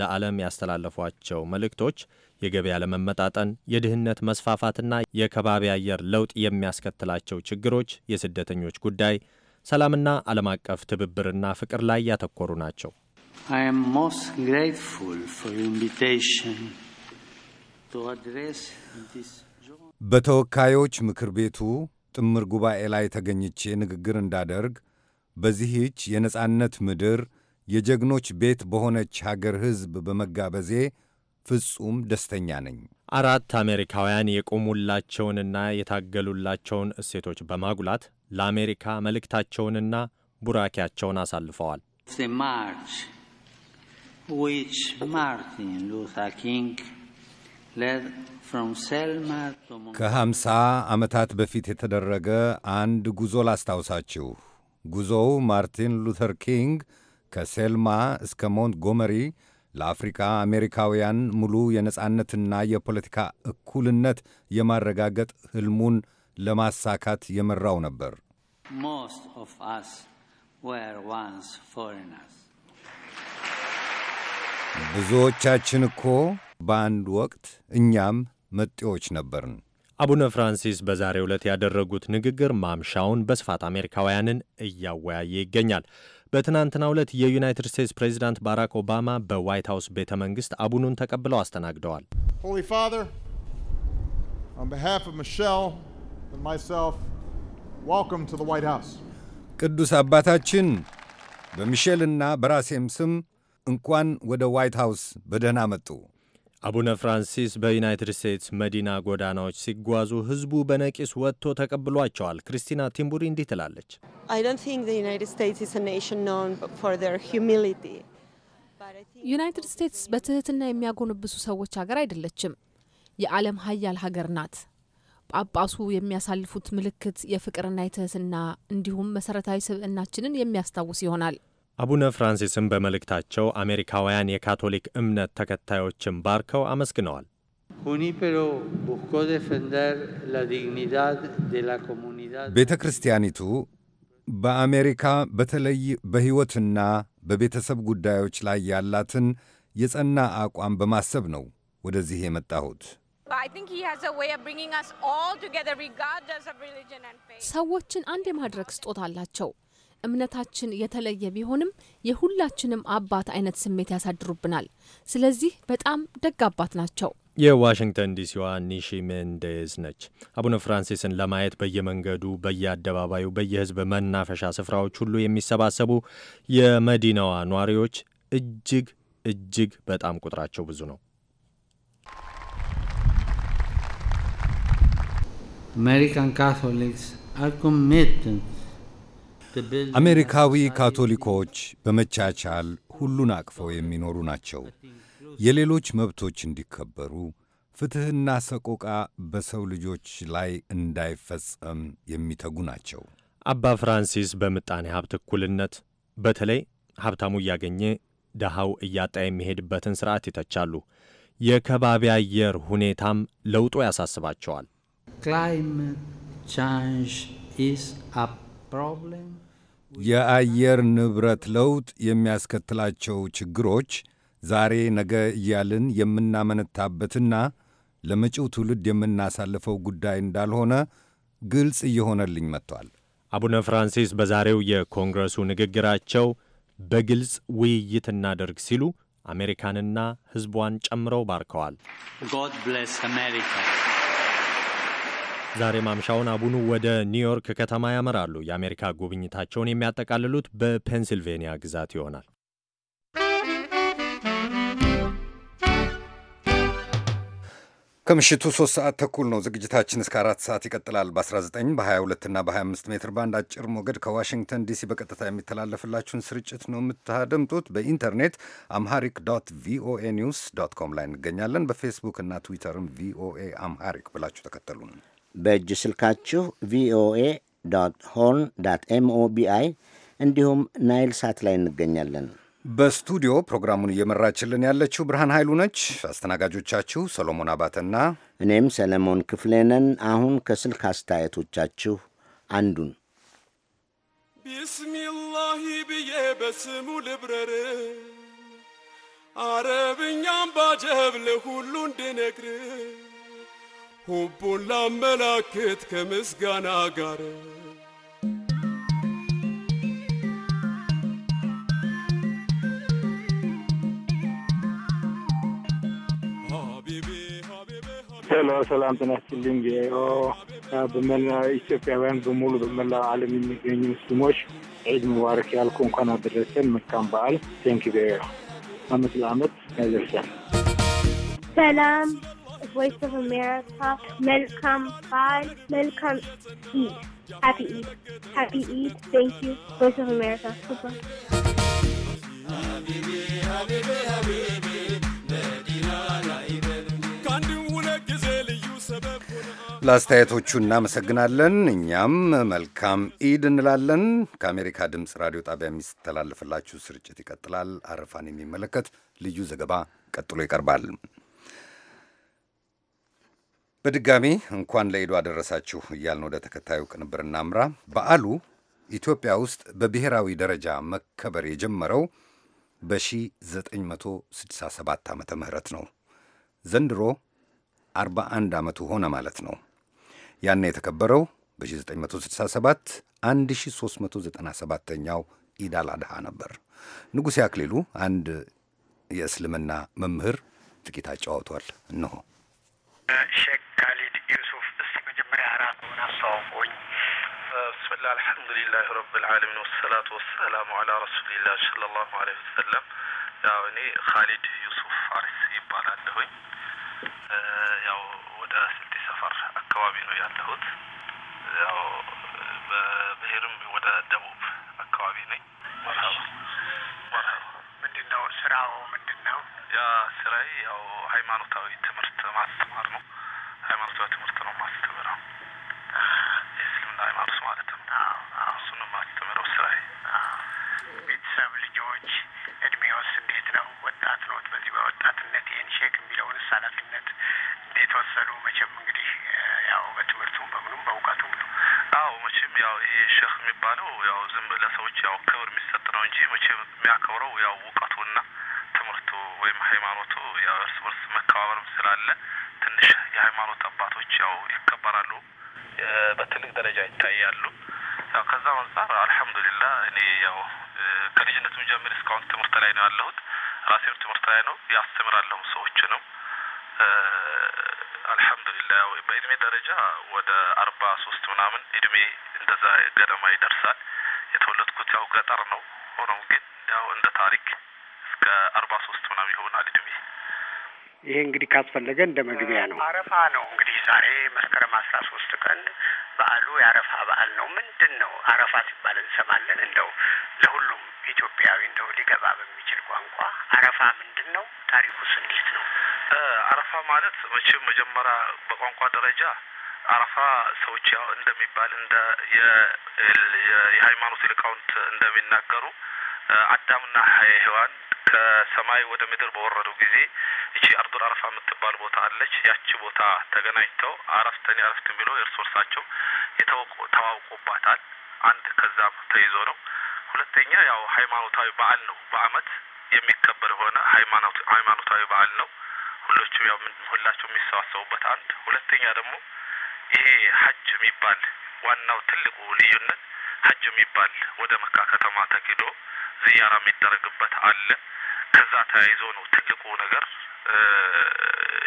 ለዓለም ያስተላለፏቸው መልእክቶች የገበያ ለመመጣጠን፣ የድህነት መስፋፋትና የከባቢ አየር ለውጥ የሚያስከትላቸው ችግሮች፣ የስደተኞች ጉዳይ፣ ሰላምና ዓለም አቀፍ ትብብርና ፍቅር ላይ ያተኮሩ ናቸው። በተወካዮች ምክር ቤቱ ጥምር ጉባኤ ላይ ተገኝቼ ንግግር እንዳደርግ በዚህች የነጻነት ምድር የጀግኖች ቤት በሆነች ሀገር ሕዝብ በመጋበዜ ፍጹም ደስተኛ ነኝ። አራት አሜሪካውያን የቆሙላቸውንና የታገሉላቸውን እሴቶች በማጉላት ለአሜሪካ መልእክታቸውንና ቡራኪያቸውን አሳልፈዋል። ማርች ዊች ማርቲን ሉተር ኪንግ ከሀምሳ ዓመታት በፊት የተደረገ አንድ ጉዞ ላስታውሳችሁ። ጉዞው ማርቲን ሉተር ኪንግ ከሴልማ እስከ ጎመሪ ለአፍሪካ አሜሪካውያን ሙሉ የነጻነትና የፖለቲካ እኩልነት የማረጋገጥ ሕልሙን ለማሳካት የመራው ነበር። ብዙዎቻችን እኮ በአንድ ወቅት እኛም መጤዎች ነበርን። አቡነ ፍራንሲስ በዛሬ ዕለት ያደረጉት ንግግር ማምሻውን በስፋት አሜሪካውያንን እያወያየ ይገኛል። በትናንትናው ዕለት የዩናይትድ ስቴትስ ፕሬዚዳንት ባራክ ኦባማ በዋይት ሀውስ ቤተ መንግሥት አቡኑን ተቀብለው አስተናግደዋል። ቅዱስ አባታችን በሚሼልና በራሴም ስም እንኳን ወደ ዋይት ሀውስ በደህና መጡ። አቡነ ፍራንሲስ በዩናይትድ ስቴትስ መዲና ጎዳናዎች ሲጓዙ ህዝቡ በነቂስ ወጥቶ ተቀብሏቸዋል። ክሪስቲና ቲምቡሪ እንዲህ ትላለች። ዩናይትድ ስቴትስ በትህትና የሚያጎንብሱ ሰዎች ሀገር አይደለችም። የዓለም ሀያል ሀገር ናት። ጳጳሱ የሚያሳልፉት ምልክት የፍቅርና የትህትና እንዲሁም መሰረታዊ ስብዕናችንን የሚያስታውስ ይሆናል። አቡነ ፍራንሲስም በመልእክታቸው አሜሪካውያን የካቶሊክ እምነት ተከታዮችን ባርከው አመስግነዋል። ቤተ ክርስቲያኒቱ በአሜሪካ በተለይ በሕይወትና በቤተሰብ ጉዳዮች ላይ ያላትን የጸና አቋም በማሰብ ነው ወደዚህ የመጣሁት። ሰዎችን አንድ የማድረግ ስጦታ አላቸው። እምነታችን የተለየ ቢሆንም የሁላችንም አባት አይነት ስሜት ያሳድሩብናል። ስለዚህ በጣም ደግ አባት ናቸው። የዋሽንግተን ዲሲዋ ኒሺ ሜንዴዝ ነች። አቡነ ፍራንሲስን ለማየት በየመንገዱ፣ በየአደባባዩ፣ በየህዝብ መናፈሻ ስፍራዎች ሁሉ የሚሰባሰቡ የመዲናዋ ነዋሪዎች እጅግ እጅግ በጣም ቁጥራቸው ብዙ ነው። American Catholics are committed አሜሪካዊ ካቶሊኮች በመቻቻል ሁሉን አቅፈው የሚኖሩ ናቸው። የሌሎች መብቶች እንዲከበሩ ፍትሕና ሰቆቃ በሰው ልጆች ላይ እንዳይፈጸም የሚተጉ ናቸው። አባ ፍራንሲስ በምጣኔ ሀብት እኩልነት በተለይ ሀብታሙ እያገኘ ደሃው እያጣ የሚሄድበትን ስርዓት ይተቻሉ። የከባቢ አየር ሁኔታም ለውጡ ያሳስባቸዋል። የአየር ንብረት ለውጥ የሚያስከትላቸው ችግሮች ዛሬ ነገ እያልን የምናመነታበትና ለመጪው ትውልድ የምናሳልፈው ጉዳይ እንዳልሆነ ግልጽ እየሆነልኝ መጥቷል። አቡነ ፍራንሲስ በዛሬው የኮንግረሱ ንግግራቸው በግልጽ ውይይት እናደርግ ሲሉ አሜሪካንና ሕዝቧን ጨምረው ባርከዋል። ጎድ ብሌስ አሜሪካ ዛሬ ማምሻውን አቡኑ ወደ ኒውዮርክ ከተማ ያመራሉ። የአሜሪካ ጉብኝታቸውን የሚያጠቃልሉት በፔንሲልቬኒያ ግዛት ይሆናል። ከምሽቱ ሶስት ሰዓት ተኩል ነው። ዝግጅታችን እስከ አራት ሰዓት ይቀጥላል። በ19 በ22 እና በ25 ሜትር ባንድ አጭር ሞገድ ከዋሽንግተን ዲሲ በቀጥታ የሚተላለፍላችሁን ስርጭት ነው የምታደምጡት። በኢንተርኔት አምሃሪክ ዶት ቪኦኤ ኒውስ ዶት ኮም ላይ እንገኛለን። በፌስቡክ እና ትዊተርም ቪኦኤ አምሃሪክ ብላችሁ ተከተሉን። በእጅ ስልካችሁ ቪኦኤ ሆርን ኤምኦቢአይ እንዲሁም ናይል ሳት ላይ እንገኛለን። በስቱዲዮ ፕሮግራሙን እየመራችልን ያለችው ብርሃን ኃይሉ ነች። አስተናጋጆቻችሁ ሰሎሞን አባተና እኔም ሰለሞን ክፍሌ ነን። አሁን ከስልክ አስተያየቶቻችሁ አንዱን ቢስሚላሂ ብዬ በስሙ ልብረር አረብኛም ባጀብ ለሁሉ እንድነግርህ ሁቡን ላመላክት ከምስጋና ጋር ሄሎ፣ ሰላም ጤና ይስጥልኝ። በመላ ኢትዮጵያውያን በሙሉ በመላ ዓለም የሚገኙ ሙስሊሞች ዒድ ሙባረክ ያልኩ እንኳን አደረሰን። መልካም በዓል ቴንክ ቪ ዓመት ለዓመት ያደርሳል። ሰላም ቮይስ ኦፍ አሜሪካ። መልካም በዓል፣ መልካም ኢድ፣ ሃፒ ኢድ፣ ሃፒ ኢድ። ታንክ ዩ ቮይስ ኦፍ አሜሪካ። ለአስተያየቶቹ እናመሰግናለን። እኛም መልካም ኢድ እንላለን። ከአሜሪካ ድምፅ ራዲዮ ጣቢያ የሚስተላልፍላችሁ ስርጭት ይቀጥላል። አረፋን የሚመለከት ልዩ ዘገባ ቀጥሎ ይቀርባል። በድጋሚ እንኳን ለኢዱ አደረሳችሁ እያልን ወደ ተከታዩ ቅንብር እናምራ። በዓሉ ኢትዮጵያ ውስጥ በብሔራዊ ደረጃ መከበር የጀመረው በ1967 ዓመተ ም ነው። ዘንድሮ 41 ዓመቱ ሆነ ማለት ነው። ያኔ የተከበረው በ1967 1397ኛው ኢድ አል አድሃ ነበር። ንጉሴ አክሊሉ አንድ የእስልምና መምህር ጥቂት አጫውቷል። እንሆ بسم الله الحمد لله رب العالمين والصلاة والسلام على رسول الله صلى الله عليه وسلم ያው እኔ ካሊድ ዩሱፍ አሪስ ይባላለሁኝ። ያው ወደ ስልጤ ሰፈር አካባቢ ነው ያለሁት። ያው በብሔርም ወደ ደቡብ አካባቢ ነኝ። ምንድን ነው ስራው? ምንድን ነው ያ ስራዬ? ያው ሃይማኖታዊ ትምህርት ማስተማር ነው። ሃይማኖታዊ ትምህርት ነው ማስተምረው። ሃይማኖት ማለት ነው። እሱን ማስተምረው ስራዬ። ቤተሰብ ልጆች እድሜዎስ እንዴት ነው? ወጣት ኖት? በዚህ በወጣትነት ይህን ሼክ የሚለውንስ ኃላፊነት እንዴት ወሰዱ? መቼም እንግዲህ ያው በትምህርቱም በምኑም በእውቀቱም ነው። አዎ መቼም ያው ይህ ሼክ የሚባለው ያው ዝም ለሰዎች ያው ክብር የሚሰጥ ነው እንጂ መቼም የሚያከብረው ያው እውቀቱና ትምህርቱ ወይም ሃይማኖቱ ያው እርስ በርስ መከባበርም ስላለ ትንሽ የሃይማኖት አባቶች ያው ይከበራሉ። በትልቅ ደረጃ ይታያሉ። ያው ከዛ አንጻር አልሐምዱሊላ እኔ ያው ከልጅነቱም ጀምር እስካሁን ትምህርት ላይ ነው ያለሁት። ራሴም ትምህርት ላይ ነው ያስተምራለሁ ሰዎችንም። አልሐምዱሊላ ያው በእድሜ ደረጃ ወደ አርባ ሶስት ምናምን እድሜ እንደዛ ገደማ ይደርሳል። የተወለድኩት ያው ገጠር ነው። ሆኖም ግን ያው እንደ ታሪክ እስከ አርባ ሶስት ምናምን ይሆናል እድሜ ይሄ እንግዲህ ካስፈለገ እንደ መግቢያ ነው። አረፋ ነው እንግዲህ ዛሬ መስከረም አስራ ሶስት ቀን በዓሉ የአረፋ በዓል ነው። ምንድን ነው አረፋ ሲባል እንሰማለን። እንደው ለሁሉም ኢትዮጵያዊ እንደው ሊገባ በሚችል ቋንቋ አረፋ ምንድን ነው? ታሪኩስ እንዴት ነው? አረፋ ማለት መቼም መጀመሪያ በቋንቋ ደረጃ አረፋ ሰዎች ያው እንደሚባል እንደ የሃይማኖት ሊቃውንት እንደሚናገሩ አዳምና ሔዋን ከሰማይ ወደ ምድር በወረዱ ጊዜ እቺ አርዱል አረፋ የምትባል ቦታ አለች። ያቺ ቦታ ተገናኝተው አረፍተን ያረፍትን ብሎ እርስ በርሳቸው ተዋውቁባታል። አንድ ከዛ ተይዞ ነው። ሁለተኛ ያው ሃይማኖታዊ በዓል ነው። በአመት የሚከበር የሆነ ሃይማኖታዊ በዓል ነው። ሁሎቹም ያው ሁላቸው የሚሰባሰቡበት አንድ። ሁለተኛ ደግሞ ይሄ ሀጅ የሚባል ዋናው ትልቁ ልዩነት ሀጅ የሚባል ወደ መካ ከተማ ተኪዶ ዝያራ የሚደረግበት አለ። ከዛ ተያይዞ ነው ትልቁ ነገር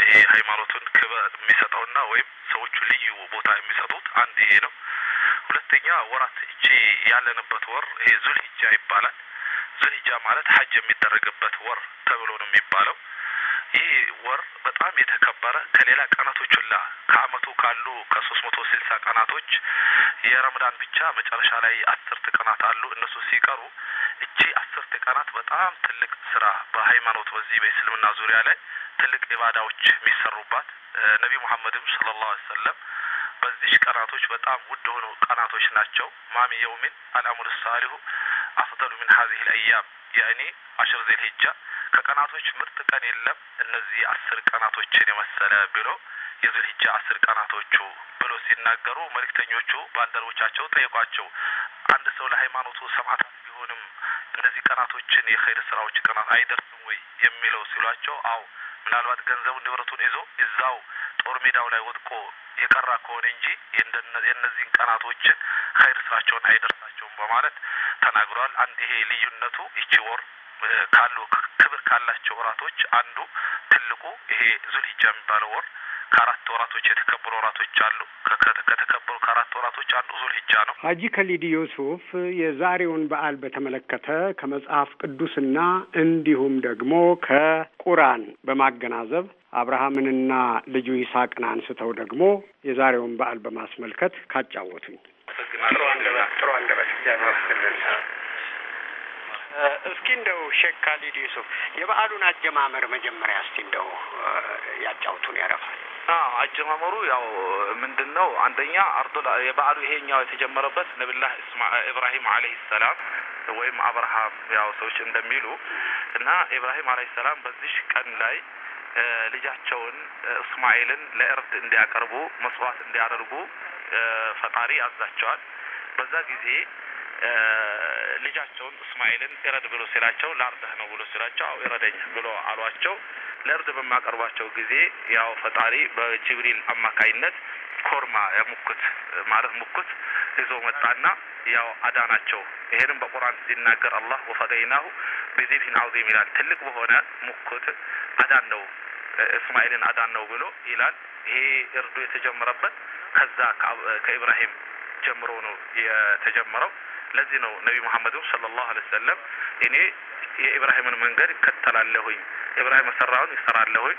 ይሄ ሃይማኖቱን ክብር የሚሰጠውና ወይም ሰዎቹ ልዩ ቦታ የሚሰጡት አንድ ይሄ ነው። ሁለተኛ ወራት እቺ ያለንበት ወር ይሄ ዙልሂጃ ይባላል። ዙልሂጃ ማለት ሀጅ የሚደረግበት ወር ተብሎ ነው የሚባለው። ይህ ወር በጣም የተከበረ ከሌላ ቀናቶች ላ ከአመቱ ካሉ ከሶስት መቶ ስልሳ ቀናቶች የረምዳን ብቻ መጨረሻ ላይ አስርት ቀናት አሉ። እነሱ ሲቀሩ እቺ አስርት ቀናት በጣም ትልቅ ስራ በሃይማኖት በዚህ በእስልምና ዙሪያ ላይ ትልቅ ኢባዳዎች የሚሰሩባት ነቢ ሙሐመድም ሰለላሁ ዐለይሂ ወሰለም በዚህ ቀናቶች በጣም ውድ የሆኑ ቀናቶች ናቸው። ማሚ የውሚን አልአሙር ሳሊሁ አፍደሉ ምን ሀዚህ ልአያም ያእኒ አሽር ዘልሂጃ ከቀናቶች ምርጥ ቀን የለም እነዚህ አስር ቀናቶችን የመሰለ ብሎ የዙልሂጃ አስር ቀናቶቹ ብሎ ሲናገሩ መልእክተኞቹ ባልደረቦቻቸው ጠየቋቸው። አንድ ሰው ለሃይማኖቱ ሰማዕት ቢሆንም እነዚህ ቀናቶችን የኸይር ስራዎች ቀናት አይደርስም ወይ የሚለው ሲሏቸው፣ አዎ ምናልባት ገንዘቡ ንብረቱን ይዞ እዛው ጦር ሜዳው ላይ ወድቆ የቀራ ከሆነ እንጂ የእነዚህን ቀናቶችን ኸይር ስራቸውን አይደርሳቸውም በማለት ተናግሯል። አንድ ይሄ ልዩነቱ ይቺ ወር ካሉ ክብር ካላቸው ወራቶች አንዱ ትልቁ ይሄ ዙልሂጃ የሚባለው ወር ከአራት ወራቶች የተከበሩ ወራቶች አሉ። ከተከበሩ ከአራት ወራቶች አንዱ ዙልሂጃ ነው። ሀጂ ከሊድ ዮሱፍ የዛሬውን በዓል በተመለከተ ከመጽሐፍ ቅዱስና እንዲሁም ደግሞ ከቁራን በማገናዘብ አብርሃምንና ልጁ ይስሐቅን አንስተው ደግሞ የዛሬውን በዓል በማስመልከት ካጫወቱኝ ጥሩ አንደበት እስኪ እንደው ሼክ ካሊድ ዩሱፍ የበዓሉን አጀማመር መጀመሪያ እስቲ እንደው ያጫውቱን ያረፋል። አጀማመሩ ያው ምንድን ነው? አንደኛ አርዶ የበዓሉ ይሄኛው የተጀመረበት ነብላህ እስማ ኢብራሂም አለህ ሰላም ወይም አብርሃም ያው ሰዎች እንደሚሉ እና ኢብራሂም አለይሂ ሰላም በዚህ ቀን ላይ ልጃቸውን እስማኤልን ለእርድ እንዲያቀርቡ መስዋዕት እንዲያደርጉ ፈጣሪ ያዛቸዋል። በዛ ጊዜ ልጃቸውን እስማኤልን እረድ ብሎ ሲላቸው ላርደህ ነው ብሎ ሲላቸው አው እረደኝ ብሎ አሏቸው። ለእርድ በማቀርባቸው ጊዜ ያው ፈጣሪ በጅብሪል አማካይነት ኮርማ የሙኩት ማለት ሙኩት ይዞ መጣና ያው አዳናቸው። ይሄንም በቁርአን ሲናገር አላህ ወፈደይናሁ ቢዚብሒን ዐዚም ይላል። ትልቅ በሆነ ሙኩት አዳን ነው እስማኤልን አዳን ነው ብሎ ይላል። ይሄ እርዱ የተጀመረበት ከዛ ከኢብራሂም ጀምሮ ነው የተጀመረው። ለዚህ ነው ነቢ መሐመድም ሰለላሁ ዐለይሂ ወሰለም እኔ የኢብራሂምን መንገድ እከተላለሁኝ፣ ኢብራሂም የሰራውን ይሰራለሁኝ፣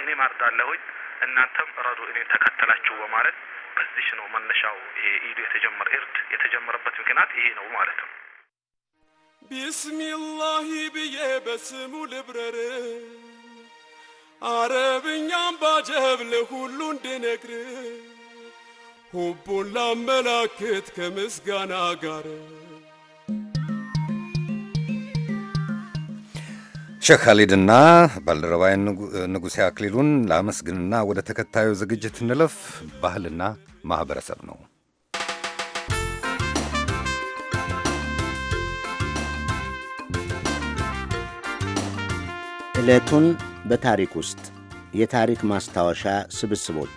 እኔ ማርዳለሁኝ እናንተም ረዱ፣ እኔ ተከተላችሁ በማለት በዚህ ነው መነሻው። ይሄ ኢዱ የተጀመረ እርድ የተጀመረበት ምክንያት ይሄ ነው ማለት ነው። ቢስሚላሂ ብዬ በስሙ ልብረር አረብኛም ባጀብ ለሁሉ እንድነግርህ ሁቡን ላመላክት ከምስጋና ጋር ሼህ ካሊድና ባልደረባይን ንጉሴ አክሊሉን ላመስግንና ወደ ተከታዩ ዝግጅት እንለፍ። ባህልና ማኅበረሰብ ነው። ዕለቱን በታሪክ ውስጥ የታሪክ ማስታወሻ ስብስቦች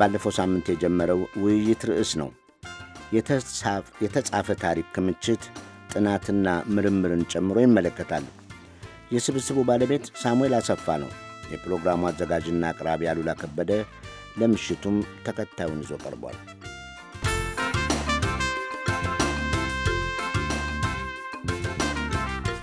ባለፈው ሳምንት የጀመረው ውይይት ርዕስ ነው። የተጻፈ ታሪክ ክምችት ጥናትና ምርምርን ጨምሮ ይመለከታል። የስብስቡ ባለቤት ሳሙኤል አሰፋ ነው። የፕሮግራሙ አዘጋጅና አቅራቢ አሉላ ከበደ ለምሽቱም ተከታዩን ይዞ ቀርቧል።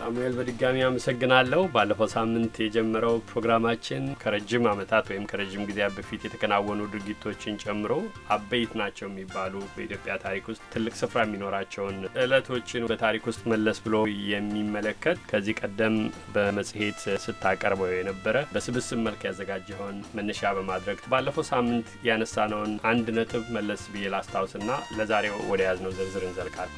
ሳሙኤል በድጋሚ አመሰግናለሁ። ባለፈው ሳምንት የጀመረው ፕሮግራማችን ከረጅም ዓመታት ወይም ከረጅም ጊዜ በፊት የተከናወኑ ድርጊቶችን ጨምሮ አበይት ናቸው የሚባሉ በኢትዮጵያ ታሪክ ውስጥ ትልቅ ስፍራ የሚኖራቸውን እለቶችን በታሪክ ውስጥ መለስ ብሎ የሚመለከት ከዚህ ቀደም በመጽሔት ስታቀርበው የነበረ በስብስብ መልክ ያዘጋጀውን መነሻ በማድረግ ባለፈው ሳምንት ያነሳነውን አንድ ነጥብ መለስ ብዬ ላስታውስና ለዛሬው ወደ ያዝነው ዝርዝር እንዘልቃለን።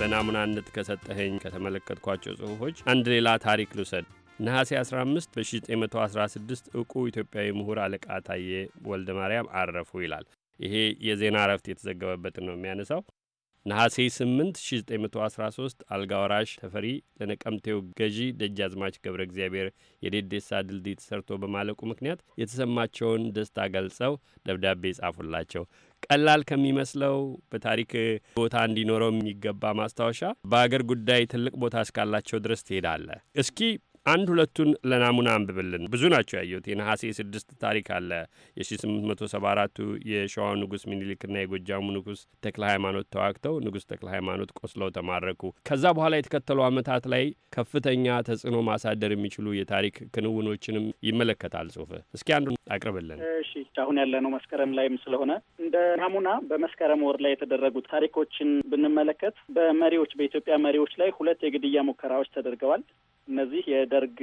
በናሙናነት ከሰጠኸኝ ከተመለከትኳቸው ጽሁፎች አንድ ሌላ ታሪክ ልውሰድ። ነሐሴ 15 በ1916 እውቁ ኢትዮጵያዊ ምሁር አለቃ ታዬ ወልደ ማርያም አረፉ ይላል። ይሄ የዜና እረፍት የተዘገበበትን ነው የሚያነሳው። ነሐሴ 8 ሺ913 አልጋ ወራሽ ተፈሪ ለነቀምቴው ገዢ ደጃዝማች ገብረ እግዚአብሔር የዴዴሳ ድልድይ ተሰርቶ በማለቁ ምክንያት የተሰማቸውን ደስታ ገልጸው ደብዳቤ ጻፉላቸው። ቀላል ከሚመስለው በታሪክ ቦታ እንዲኖረው የሚገባ ማስታወሻ በአገር ጉዳይ ትልቅ ቦታ እስካላቸው ድረስ ትሄዳለ። እስኪ አንድ ሁለቱን ለናሙና አንብብልን። ብዙ ናቸው ያየሁት። የነሐሴ ስድስት ታሪክ አለ። የ874ቱ የሸዋው ንጉሥ ሚኒሊክና የጎጃሙ ንጉሥ ተክለ ሃይማኖት ተዋግተው ንጉሥ ተክለ ሃይማኖት ቆስለው ተማረኩ። ከዛ በኋላ የተከተሉ ዓመታት ላይ ከፍተኛ ተጽዕኖ ማሳደር የሚችሉ የታሪክ ክንውኖችንም ይመለከታል ጽሁፍ። እስኪ አንዱ አቅርብልን። እሺ፣ አሁን ያለነው መስከረም ላይም ስለሆነ እንደ ናሙና በመስከረም ወር ላይ የተደረጉ ታሪኮችን ብንመለከት በመሪዎች በኢትዮጵያ መሪዎች ላይ ሁለት የግድያ ሙከራዎች ተደርገዋል። እነዚህ የደርግ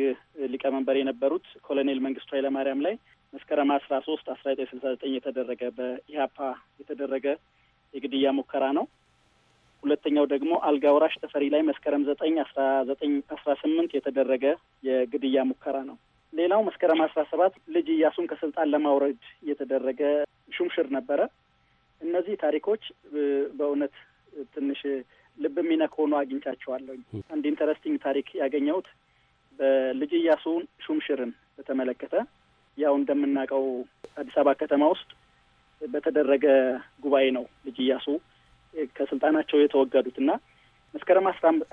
ሊቀመንበር የነበሩት ኮሎኔል መንግስቱ ኃይለማርያም ላይ መስከረም አስራ ሶስት አስራ ዘጠኝ ስልሳ ዘጠኝ የተደረገ በኢህአፓ የተደረገ የግድያ ሙከራ ነው። ሁለተኛው ደግሞ አልጋ ወራሽ ተፈሪ ላይ መስከረም ዘጠኝ አስራ ዘጠኝ አስራ ስምንት የተደረገ የግድያ ሙከራ ነው። ሌላው መስከረም አስራ ሰባት ልጅ እያሱን ከስልጣን ለማውረድ የተደረገ ሹምሽር ነበረ። እነዚህ ታሪኮች በእውነት ትንሽ ልብ የሚነክ ሆኖ አግኝቻቸዋለሁ። አንድ ኢንተረስቲንግ ታሪክ ያገኘሁት በልጅ እያሱን ሹምሽርን በተመለከተ ያው እንደምናውቀው አዲስ አበባ ከተማ ውስጥ በተደረገ ጉባኤ ነው ልጅ እያሱ ከስልጣናቸው የተወገዱት እና መስከረም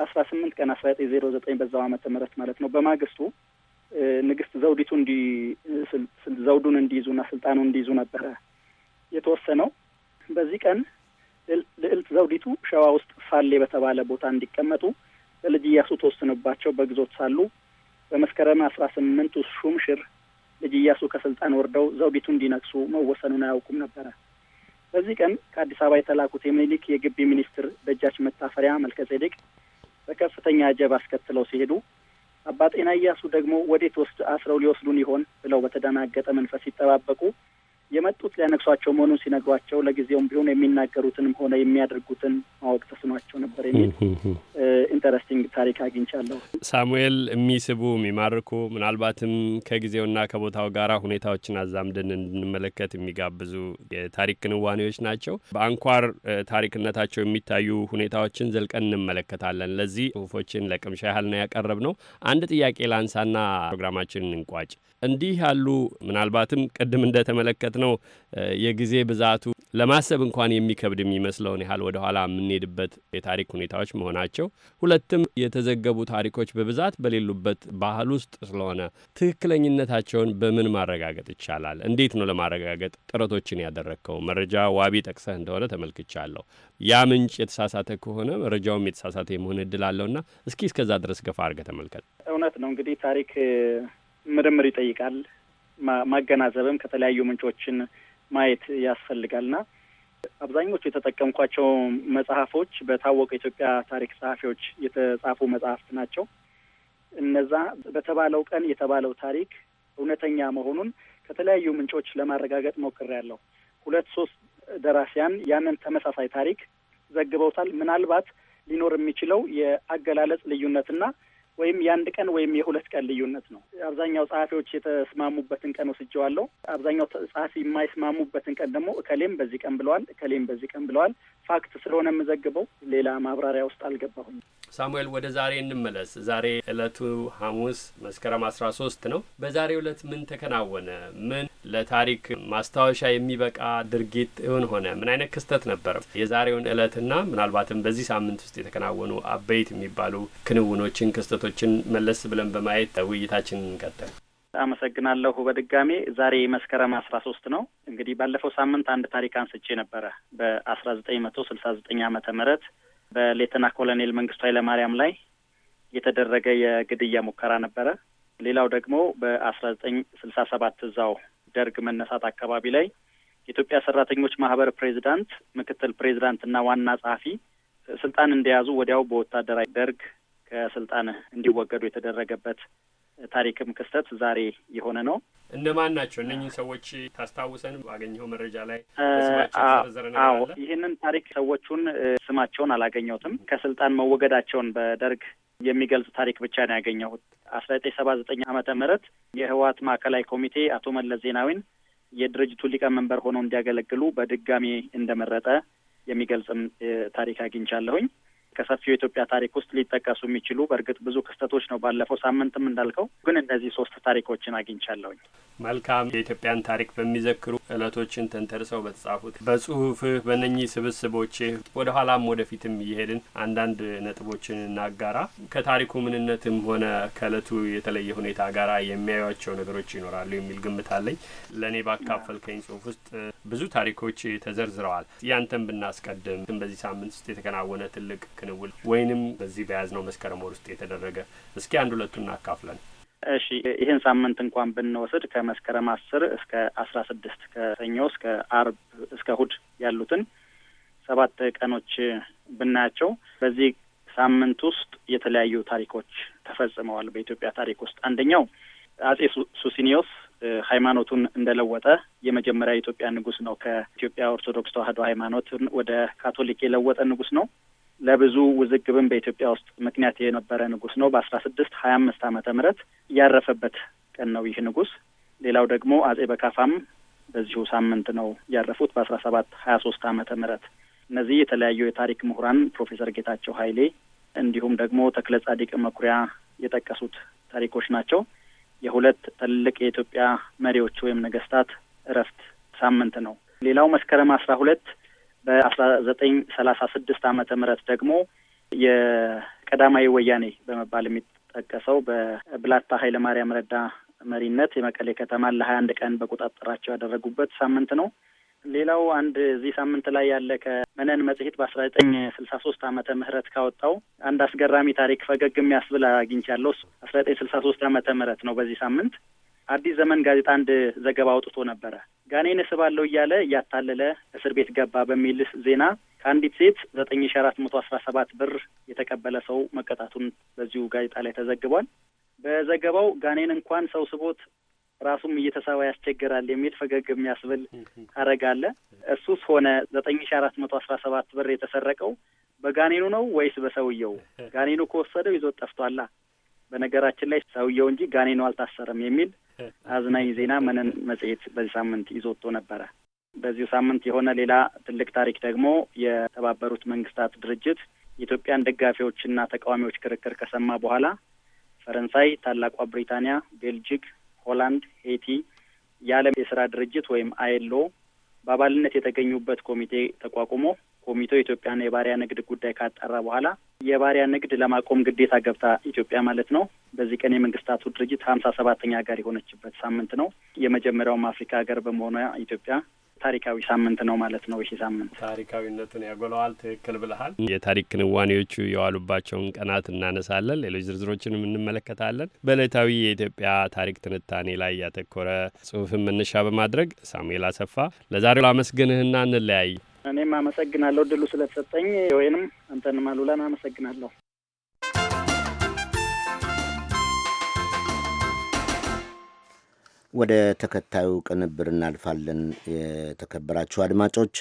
አስራ ስምንት ቀን አስራ ዘጠኝ ዜሮ ዘጠኝ በዛው ዓመተ ምህረት ማለት ነው። በማግስቱ ንግስት ዘውዲቱ እንዲ ዘውዱን እንዲይዙና ስልጣኑ እንዲይዙ ነበረ የተወሰነው። በዚህ ቀን ልዕልት ዘውዲቱ ሸዋ ውስጥ ፋሌ በተባለ ቦታ እንዲቀመጡ ለልጅ እያሱ ተወስኖባቸው በግዞት ሳሉ በመስከረም አስራ ስምንቱ ሹም ሽር ልጅ እያሱ ከስልጣን ወርደው ዘውዲቱ እንዲነግሱ መወሰኑን አያውቁም ነበረ። በዚህ ቀን ከአዲስ አበባ የተላኩት የሚኒሊክ የግቢ ሚኒስትር ደጃች መታፈሪያ መልከ ጼዴቅ በከፍተኛ አጀብ አስከትለው ሲሄዱ አባ ጤና ደግሞ ወዴት ወስድ አስረው ሊወስዱን ይሆን ብለው በተደናገጠ መንፈስ ሲጠባበቁ የመጡት ሊያነግሷቸው መሆኑን ሲነግሯቸው ለጊዜውም ቢሆን የሚናገሩትንም ሆነ የሚያደርጉትን ማወቅ ተስኗቸው ነበር የሚል ኢንተረስቲንግ ታሪክ አግኝቻለሁ። ሳሙኤል፣ የሚስቡ የሚማርኩ ምናልባትም ከጊዜውና ከቦታው ጋር ሁኔታዎችን አዛምደን እንድንመለከት የሚጋብዙ የታሪክ ክንዋኔዎች ናቸው። በአንኳር ታሪክነታቸው የሚታዩ ሁኔታዎችን ዘልቀን እንመለከታለን። ለዚህ ጽሁፎችን ለቅምሻ ያህል ነው ያቀረብ ነው። አንድ ጥያቄ ላንሳና ፕሮግራማችንን እንቋጭ። እንዲህ ያሉ ምናልባትም ቅድም እንደተመለከት ነው የጊዜ ብዛቱ ለማሰብ እንኳን የሚከብድ የሚመስለውን ያህል ወደ ኋላ የምንሄድበት የታሪክ ሁኔታዎች መሆናቸው፣ ሁለትም የተዘገቡ ታሪኮች በብዛት በሌሉበት ባህል ውስጥ ስለሆነ ትክክለኝነታቸውን በምን ማረጋገጥ ይቻላል? እንዴት ነው ለማረጋገጥ ጥረቶችን ያደረግከው? መረጃ ዋቢ ጠቅሰህ እንደሆነ ተመልክቻለሁ። ያ ምንጭ የተሳሳተ ከሆነ መረጃውም የተሳሳተ የመሆን እድል አለውና እስኪ እስከዛ ድረስ ገፋ አድርገህ ተመልከት። እውነት ነው እንግዲህ ታሪክ ምርምር ይጠይቃል። ማገናዘብም ከተለያዩ ምንጮችን ማየት ያስፈልጋል ና አብዛኞቹ የተጠቀምኳቸው መጽሐፎች በታወቁ ኢትዮጵያ ታሪክ ጸሐፊዎች የተጻፉ መጽሐፍት ናቸው። እነዛ በተባለው ቀን የተባለው ታሪክ እውነተኛ መሆኑን ከተለያዩ ምንጮች ለማረጋገጥ ሞክሬያለሁ። ሁለት ሶስት ደራሲያን ያንን ተመሳሳይ ታሪክ ዘግበውታል። ምናልባት ሊኖር የሚችለው የአገላለጽ ልዩነትና ወይም የአንድ ቀን ወይም የሁለት ቀን ልዩነት ነው። አብዛኛው ጸሐፊዎች የተስማሙበትን ቀን ወስጀዋለሁ። አብዛኛው ጸሐፊ የማይስማሙበትን ቀን ደግሞ እከሌም በዚህ ቀን ብለዋል፣ እከሌም በዚህ ቀን ብለዋል። ፋክት ስለሆነ የምዘግበው ሌላ ማብራሪያ ውስጥ አልገባሁም። ሳሙኤል ወደ ዛሬ እንመለስ። ዛሬ እለቱ ሐሙስ መስከረም አስራ ሶስት ነው። በዛሬ እለት ምን ተከናወነ? ምን ለታሪክ ማስታወሻ የሚበቃ ድርጊት እውን ሆነ? ምን አይነት ክስተት ነበር? የዛሬውን ዕለትና ምናልባትም በዚህ ሳምንት ውስጥ የተከናወኑ አበይት የሚባሉ ክንውኖችን፣ ክስተቶችን መለስ ብለን በማየት ውይይታችን እንቀጥል። አመሰግናለሁ። በድጋሜ ዛሬ መስከረም አስራ ሶስት ነው። እንግዲህ ባለፈው ሳምንት አንድ ታሪክ አንስቼ ነበረ በአስራ ዘጠኝ መቶ ስልሳ ዘጠኝ አመተ ምህረት በሌተና ኮሎኔል መንግስቱ ኃይለማርያም ላይ የተደረገ የግድያ ሙከራ ነበረ። ሌላው ደግሞ በአስራ ዘጠኝ ስልሳ ሰባት እዛው ደርግ መነሳት አካባቢ ላይ የኢትዮጵያ ሰራተኞች ማህበር ፕሬዚዳንት፣ ምክትል ፕሬዚዳንት እና ዋና ጸሐፊ ስልጣን እንደያዙ ወዲያው በወታደራዊ ደርግ ከስልጣን እንዲወገዱ የተደረገበት ታሪክም ክስተት ዛሬ የሆነ ነው። እነማን ናቸው እነኚህ ሰዎች? ታስታውሰን ባገኘው መረጃ ላይ አዎ፣ ይህንን ታሪክ ሰዎቹን ስማቸውን አላገኘሁትም። ከስልጣን መወገዳቸውን በደርግ የሚገልጽ ታሪክ ብቻ ነው ያገኘሁት። አስራ ዘጠኝ ሰባ ዘጠኝ ዓመተ ምህረት የህወሀት ማዕከላዊ ኮሚቴ አቶ መለስ ዜናዊን የድርጅቱ ሊቀመንበር ሆነው እንዲያገለግሉ በድጋሚ እንደመረጠ የሚገልጽም ታሪክ አግኝቻለሁኝ። ከሰፊው የኢትዮጵያ ታሪክ ውስጥ ሊጠቀሱ የሚችሉ በእርግጥ ብዙ ክስተቶች ነው። ባለፈው ሳምንትም እንዳልከው ግን እነዚህ ሶስት ታሪኮችን አግኝቻለሁኝ። መልካም የኢትዮጵያን ታሪክ በሚዘክሩ እለቶችን ተንተርሰው በተጻፉት በጽሁፍህ በነኚህ ስብስቦችህ ወደ ኋላም ወደፊትም እየሄድን አንዳንድ ነጥቦችን እናጋራ። ከታሪኩ ምንነትም ሆነ ከእለቱ የተለየ ሁኔታ ጋራ የሚያዩቸው ነገሮች ይኖራሉ የሚል ግምት አለኝ። ለእኔ ባካፈልከኝ ጽሁፍ ውስጥ ብዙ ታሪኮች ተዘርዝረዋል። ያንተን ብናስቀድም በዚህ ሳምንት ውስጥ የተከናወነ ትልቅ ክንውል ወይንም በዚህ በያዝነው መስከረም ወር ውስጥ የተደረገ እስኪ አንድ ሁለቱን እናካፍለን። እሺ ይህን ሳምንት እንኳን ብንወስድ ከመስከረም አስር እስከ አስራ ስድስት ከሰኞ እስከ አርብ እስከ እሁድ ያሉትን ሰባት ቀኖች ብናያቸው በዚህ ሳምንት ውስጥ የተለያዩ ታሪኮች ተፈጽመዋል በኢትዮጵያ ታሪክ ውስጥ። አንደኛው አጼ ሱሲኒዮስ ሃይማኖቱን እንደለወጠ የመጀመሪያ የኢትዮጵያ ንጉስ ነው። ከኢትዮጵያ ኦርቶዶክስ ተዋህዶ ሃይማኖትን ወደ ካቶሊክ የለወጠ ንጉስ ነው። ለብዙ ውዝግብም በኢትዮጵያ ውስጥ ምክንያት የነበረ ንጉስ ነው። በአስራ ስድስት ሀያ አምስት ዓመተ ምህረት ያረፈበት ቀን ነው ይህ ንጉስ። ሌላው ደግሞ አጼ በካፋም በዚሁ ሳምንት ነው ያረፉት በአስራ ሰባት ሀያ ሶስት ዓመተ ምህረት እነዚህ የተለያዩ የታሪክ ምሁራን ፕሮፌሰር ጌታቸው ኃይሌ እንዲሁም ደግሞ ተክለ ጻዲቅ መኩሪያ የጠቀሱት ታሪኮች ናቸው። የሁለት ትልቅ የኢትዮጵያ መሪዎች ወይም ነገስታት እረፍት ሳምንት ነው። ሌላው መስከረም አስራ ሁለት በአስራ ዘጠኝ ሰላሳ ስድስት ዓመተ ምህረት ደግሞ የቀዳማዊ ወያኔ በመባል የሚጠቀሰው በብላታ ማርያም ረዳ መሪነት የመቀሌ ከተማን ለሀያ አንድ ቀን በቁጣጠራቸው ያደረጉበት ሳምንት ነው። ሌላው አንድ እዚህ ሳምንት ላይ ያለ ከመነን መጽሔት በአስራ ዘጠኝ ስልሳ ሶስት ዓመተ ምህረት ካወጣው አንድ አስገራሚ ታሪክ ፈገግ የሚያስብል አግኝቻለሁ። አስራ ዘጠኝ ስልሳ ሶስት ዓመተ ምህረት ነው በዚህ ሳምንት አዲስ ዘመን ጋዜጣ አንድ ዘገባ አውጥቶ ነበረ። ጋኔን እስባለሁ እያለ እያታለለ እስር ቤት ገባ በሚል ዜና ከአንዲት ሴት ዘጠኝ ሺ አራት መቶ አስራ ሰባት ብር የተቀበለ ሰው መቀጣቱን በዚሁ ጋዜጣ ላይ ተዘግቧል። በዘገባው ጋኔን እንኳን ሰው ስቦት ራሱም እየተሰባ ያስቸግራል የሚል ፈገግ የሚያስብል አረጋለ አለ። እሱስ ሆነ ዘጠኝ ሺ አራት መቶ አስራ ሰባት ብር የተሰረቀው በጋኔኑ ነው ወይስ በሰውየው? ጋኔኑ ከወሰደው ይዞት ጠፍቷላ። በነገራችን ላይ ሰውየው እንጂ ጋኔኑ አልታሰረም የሚል አዝናኝ ዜና መነን መጽሔት በዚህ ሳምንት ይዞ ወጥቶ ነበረ። በዚሁ ሳምንት የሆነ ሌላ ትልቅ ታሪክ ደግሞ የተባበሩት መንግስታት ድርጅት የኢትዮጵያን ደጋፊዎችና ተቃዋሚዎች ክርክር ከሰማ በኋላ ፈረንሳይ፣ ታላቋ ብሪታንያ፣ ቤልጂክ፣ ሆላንድ፣ ሄቲ የዓለም የስራ ድርጅት ወይም አይሎ በአባልነት የተገኙበት ኮሚቴ ተቋቁሞ ኮሚቴው የኢትዮጵያና የባሪያ ንግድ ጉዳይ ካጠራ በኋላ የባሪያ ንግድ ለማቆም ግዴታ ገብታ ኢትዮጵያ ማለት ነው። በዚህ ቀን የመንግስታቱ ድርጅት ሀምሳ ሰባተኛ ሀገር የሆነችበት ሳምንት ነው። የመጀመሪያውም አፍሪካ ሀገር በመሆኗ ኢትዮጵያ ታሪካዊ ሳምንት ነው ማለት ነው። ይሄ ሳምንት ታሪካዊነትን ያጎለዋል። ትክክል ብልሃል። የታሪክ ክንዋኔዎቹ የዋሉባቸውን ቀናት እናነሳለን፣ ሌሎች ዝርዝሮችንም እንመለከታለን። በዕለታዊ የኢትዮጵያ ታሪክ ትንታኔ ላይ ያተኮረ ጽሁፍን መነሻ በማድረግ ሳሙኤል አሰፋ ለዛሬው ላመስግንህና እንለያይ። እኔም አመሰግናለሁ ድሉ ስለተሰጠኝ። ወይንም አንተንም አሉላን አመሰግናለሁ። ወደ ተከታዩ ቅንብር እናልፋለን። የተከበራችሁ አድማጮች፣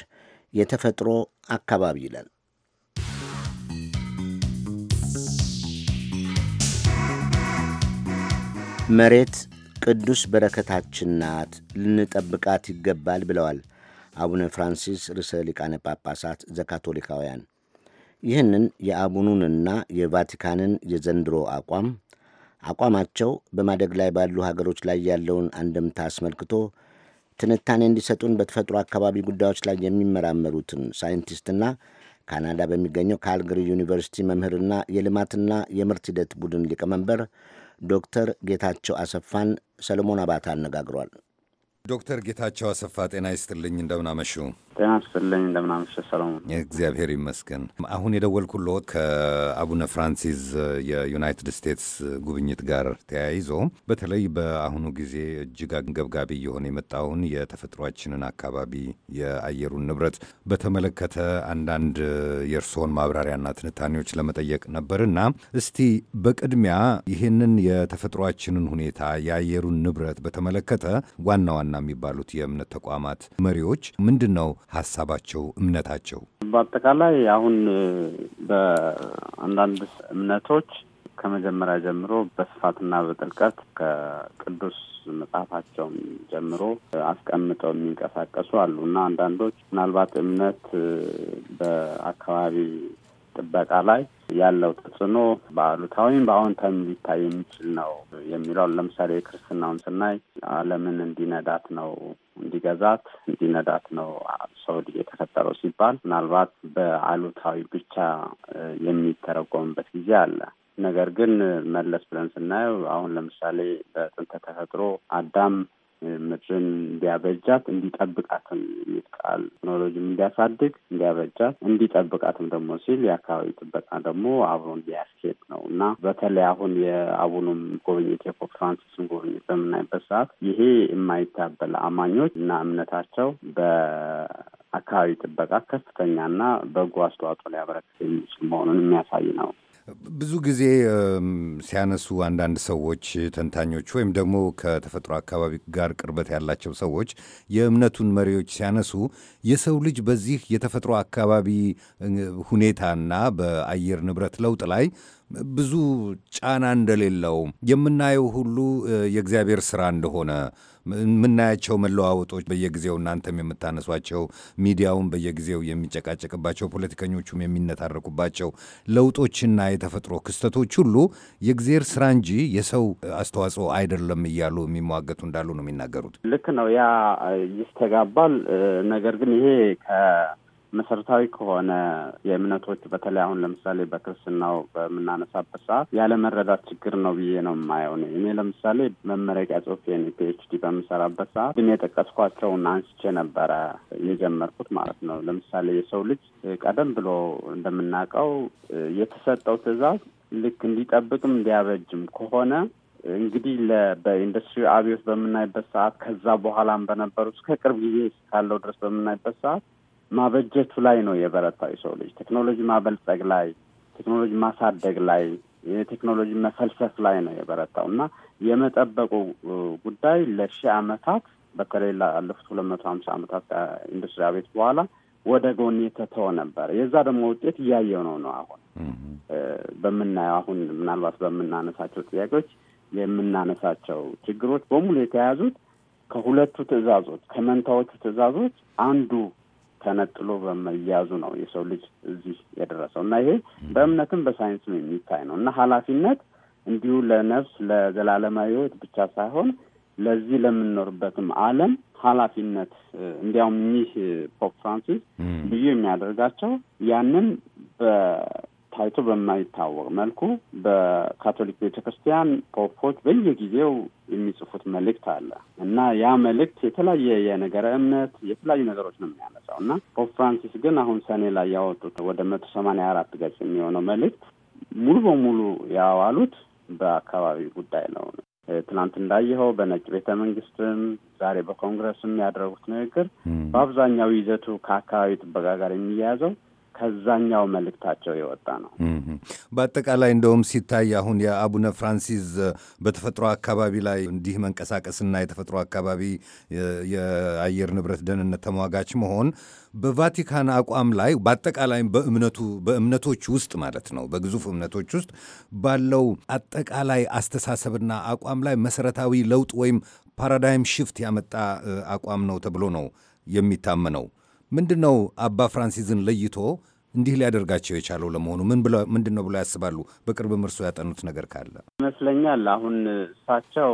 የተፈጥሮ አካባቢ ይላል። መሬት ቅዱስ በረከታችን ናት፣ ልንጠብቃት ይገባል ብለዋል አቡነ ፍራንሲስ ርዕሰ ሊቃነ ጳጳሳት ዘካቶሊካውያን ይህንን የአቡኑንና የቫቲካንን የዘንድሮ አቋም አቋማቸው በማደግ ላይ ባሉ ሀገሮች ላይ ያለውን አንድምታ አስመልክቶ ትንታኔ እንዲሰጡን በተፈጥሮ አካባቢ ጉዳዮች ላይ የሚመራመሩትን ሳይንቲስትና ካናዳ በሚገኘው ካልግሪ ዩኒቨርሲቲ መምህርና የልማትና የምርት ሂደት ቡድን ሊቀመንበር ዶክተር ጌታቸው አሰፋን ሰለሞን አባተ አነጋግሯል። ዶክተር ጌታቸው አሰፋ ጤና ይስጥልኝ እንደምናመሹ ጤና ይስጥልኝ። እንደምን አመሸህ ሰለሞን። እግዚአብሔር ይመስገን። አሁን የደወልኩልዎት ከአቡነ ፍራንሲስ የዩናይትድ ስቴትስ ጉብኝት ጋር ተያይዞ በተለይ በአሁኑ ጊዜ እጅግ አንገብጋቢ እየሆነ የመጣውን የተፈጥሯችንን አካባቢ የአየሩን ንብረት በተመለከተ አንዳንድ የእርስዎን ማብራሪያና ትንታኔዎች ለመጠየቅ ነበርና እስቲ በቅድሚያ ይህንን የተፈጥሯችንን ሁኔታ የአየሩን ንብረት በተመለከተ ዋና ዋና የሚባሉት የእምነት ተቋማት መሪዎች ምንድን ነው ሀሳባቸው፣ እምነታቸው? በአጠቃላይ አሁን በአንዳንድ እምነቶች ከመጀመሪያ ጀምሮ በስፋትና በጥልቀት ከቅዱስ መጽሐፋቸውን ጀምሮ አስቀምጠው የሚንቀሳቀሱ አሉ እና አንዳንዶች ምናልባት እምነት በአካባቢ ጥበቃ ላይ ያለው ተጽዕኖ በአሉታዊም በአዎንታዊም ሊታይ የሚችል ነው የሚለውን ለምሳሌ የክርስትናውን ስናይ ዓለምን እንዲነዳት ነው እንዲገዛት እንዲነዳት ነው ሰው የተፈጠረው ሲባል ምናልባት በአሉታዊ ብቻ የሚተረጎምበት ጊዜ አለ። ነገር ግን መለስ ብለን ስናየው አሁን ለምሳሌ በጥንተ ተፈጥሮ አዳም ምድርን እንዲያበጃት እንዲጠብቃትም የሚል ቃል ቴክኖሎጂም እንዲያሳድግ እንዲያበጃት እንዲጠብቃትም ደግሞ ሲል የአካባቢ ጥበቃ ደግሞ አብሮ እንዲያስኬድ ነው እና በተለይ አሁን የአቡኑም ጎብኝት የፖፕ ፍራንሲስን ጎብኝት በምናይበት ሰዓት ይሄ የማይታበል አማኞች እና እምነታቸው በአካባቢ ጥበቃ ከፍተኛና በጎ አስተዋጽኦ ሊያበረክት የሚችል መሆኑን የሚያሳይ ነው። ብዙ ጊዜ ሲያነሱ አንዳንድ ሰዎች ተንታኞች፣ ወይም ደግሞ ከተፈጥሮ አካባቢ ጋር ቅርበት ያላቸው ሰዎች የእምነቱን መሪዎች ሲያነሱ የሰው ልጅ በዚህ የተፈጥሮ አካባቢ ሁኔታና በአየር ንብረት ለውጥ ላይ ብዙ ጫና እንደሌለው የምናየው ሁሉ የእግዚአብሔር ስራ እንደሆነ የምናያቸው መለዋወጦች በየጊዜው እናንተም የምታነሷቸው ሚዲያውን በየጊዜው የሚጨቃጨቅባቸው ፖለቲከኞቹም የሚነታረኩባቸው ለውጦችና የተፈጥሮ ክስተቶች ሁሉ የእግዜር ስራ እንጂ የሰው አስተዋጽኦ አይደለም እያሉ የሚሟገቱ እንዳሉ ነው የሚናገሩት። ልክ ነው። ያ ይስተጋባል። ነገር ግን ይሄ መሰረታዊ ከሆነ የእምነቶች በተለይ አሁን ለምሳሌ በክርስትናው በምናነሳበት ሰዓት ያለመረዳት ችግር ነው ብዬ ነው የማየው። እኔ ለምሳሌ መመረቂያ ጽሁፌን ፒኤችዲ በምሰራበት ሰዓት ግን የጠቀስኳቸውን አንስቼ ነበረ የጀመርኩት ማለት ነው። ለምሳሌ የሰው ልጅ ቀደም ብሎ እንደምናውቀው የተሰጠው ትዕዛዝ ልክ እንዲጠብቅም እንዲያበጅም ከሆነ እንግዲህ በኢንዱስትሪ አብዮት በምናይበት ሰዓት ከዛ በኋላም በነበሩ እስከ ቅርብ ጊዜ እስካለው ድረስ በምናይበት ሰዓት ማበጀቱ ላይ ነው የበረታው የሰው ልጅ ቴክኖሎጂ ማበልጸግ ላይ፣ ቴክኖሎጂ ማሳደግ ላይ፣ የቴክኖሎጂ መፈልሰፍ ላይ ነው የበረታው እና የመጠበቁ ጉዳይ ለሺህ አመታት በተለይ ላለፉት ሁለት መቶ ሀምሳ ዓመታት ከኢንዱስትሪ አቤት በኋላ ወደ ጎን የተተወ ነበር። የዛ ደግሞ ውጤት እያየው ነው ነው አሁን በምናየው አሁን ምናልባት በምናነሳቸው ጥያቄዎች የምናነሳቸው ችግሮች በሙሉ የተያያዙት ከሁለቱ ትዕዛዞች ከመንታዎቹ ትዕዛዞች አንዱ ተነጥሎ በመያዙ ነው የሰው ልጅ እዚህ የደረሰው እና ይሄ በእምነትም በሳይንስም የሚታይ ነው እና ኃላፊነት እንዲሁ ለነፍስ ለዘላለማዊ ሕይወት ብቻ ሳይሆን ለዚህ ለምንኖርበትም ዓለም ኃላፊነት እንዲያውም ይህ ፖፕ ፍራንሲስ ልዩ የሚያደርጋቸው ያንን ታይቶ በማይታወቅ መልኩ በካቶሊክ ቤተ ክርስቲያን ፖፖች በየጊዜው የሚጽፉት መልእክት አለ እና ያ መልእክት የተለያየ የነገረ እምነት የተለያዩ ነገሮች ነው የሚያነሳው እና ፖፕ ፍራንሲስ ግን አሁን ሰኔ ላይ ያወጡት ወደ መቶ ሰማኒያ አራት ገጽ የሚሆነው መልእክት ሙሉ በሙሉ ያዋሉት በአካባቢ ጉዳይ ነው። ትናንት እንዳየኸው በነጭ ቤተ መንግስትም ዛሬ በኮንግረስም ያደረጉት ንግግር በአብዛኛው ይዘቱ ከአካባቢ ጥበቃ ጋር የሚያያዘው ከዛኛው መልእክታቸው የወጣ ነው። በአጠቃላይ እንደውም ሲታይ አሁን የአቡነ ፍራንሲስ በተፈጥሮ አካባቢ ላይ እንዲህ መንቀሳቀስና የተፈጥሮ አካባቢ የአየር ንብረት ደህንነት ተሟጋች መሆን በቫቲካን አቋም ላይ በአጠቃላይ በእምነቱ በእምነቶች ውስጥ ማለት ነው በግዙፍ እምነቶች ውስጥ ባለው አጠቃላይ አስተሳሰብና አቋም ላይ መሰረታዊ ለውጥ ወይም ፓራዳይም ሽፍት ያመጣ አቋም ነው ተብሎ ነው የሚታመነው። ምንድን ነው አባ ፍራንሲዝን ለይቶ እንዲህ ሊያደርጋቸው የቻለው ለመሆኑ ምን ምንድን ነው ብሎ ያስባሉ? በቅርብም እርሶ ያጠኑት ነገር ካለ ይመስለኛል። አሁን እሳቸው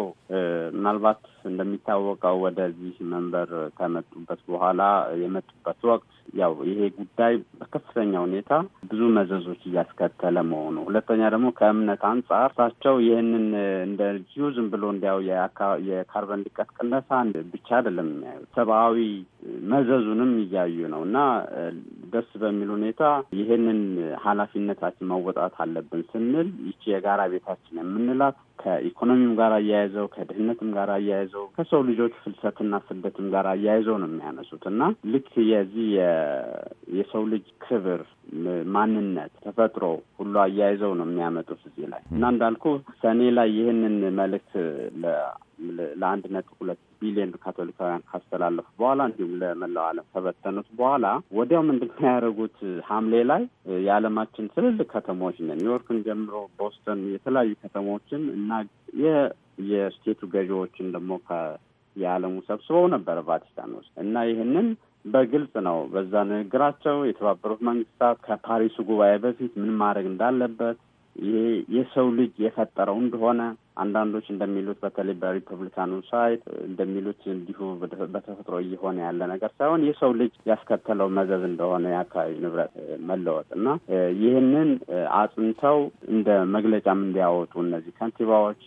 ምናልባት እንደሚታወቀው ወደዚህ መንበር ከመጡበት በኋላ የመጡበት ወቅት ያው ይሄ ጉዳይ በከፍተኛ ሁኔታ ብዙ መዘዞች እያስከተለ መሆኑ፣ ሁለተኛ ደግሞ ከእምነት አንጻር እሳቸው ይህንን እንደ ዚሁ ዝም ብሎ እንዲያው የካርበን ልቀት ቅነሳ ብቻ አይደለም የሚያዩት ሰብአዊ መዘዙንም እያዩ ነው እና ደስ በሚል ሁኔታ ይህንን ኃላፊነታችን መወጣት አለብን ስንል ይቺ የጋራ ቤታችን የምንላት ከኢኮኖሚም ጋር አያያዘው ከድህነትም ጋር አያያዘው ከሰው ልጆች ፍልሰትና ስደትም ጋር አያይዘው ነው የሚያነሱት እና ልክ የዚህ የሰው ልጅ ክብር፣ ማንነት፣ ተፈጥሮ ሁሉ አያይዘው ነው የሚያመጡት እዚህ ላይ እና እንዳልኩ ሰኔ ላይ ይህንን መልእክት ለአንድ ነጥብ ሁለት ቢሊዮን ካቶሊካውያን ካስተላለፉ በኋላ እንዲሁም ለመላው ዓለም ከበተኑት በኋላ ወዲያው ምንድን ነው ያደረጉት? ሐምሌ ላይ የዓለማችን ትልልቅ ከተሞች ኒውዮርክን ጀምሮ ቦስተን፣ የተለያዩ ከተሞችን እና የስቴቱ ገዢዎችን ደግሞ የዓለሙ ሰብስበው ነበረ ቫቲካን ውስጥ እና ይህንን በግልጽ ነው በዛ ንግግራቸው የተባበሩት መንግስታት ከፓሪሱ ጉባኤ በፊት ምን ማድረግ እንዳለበት የሰው ልጅ የፈጠረው እንደሆነ አንዳንዶች እንደሚሉት በተለይ በሪፐብሊካኑ ሳይድ እንደሚሉት እንዲሁ በተፈጥሮ እየሆነ ያለ ነገር ሳይሆን የሰው ልጅ ያስከተለው መዘዝ እንደሆነ የአካባቢ ንብረት መለወጥ እና ይህንን አጽንተው እንደ መግለጫም እንዲያወጡ እነዚህ ከንቲባዎች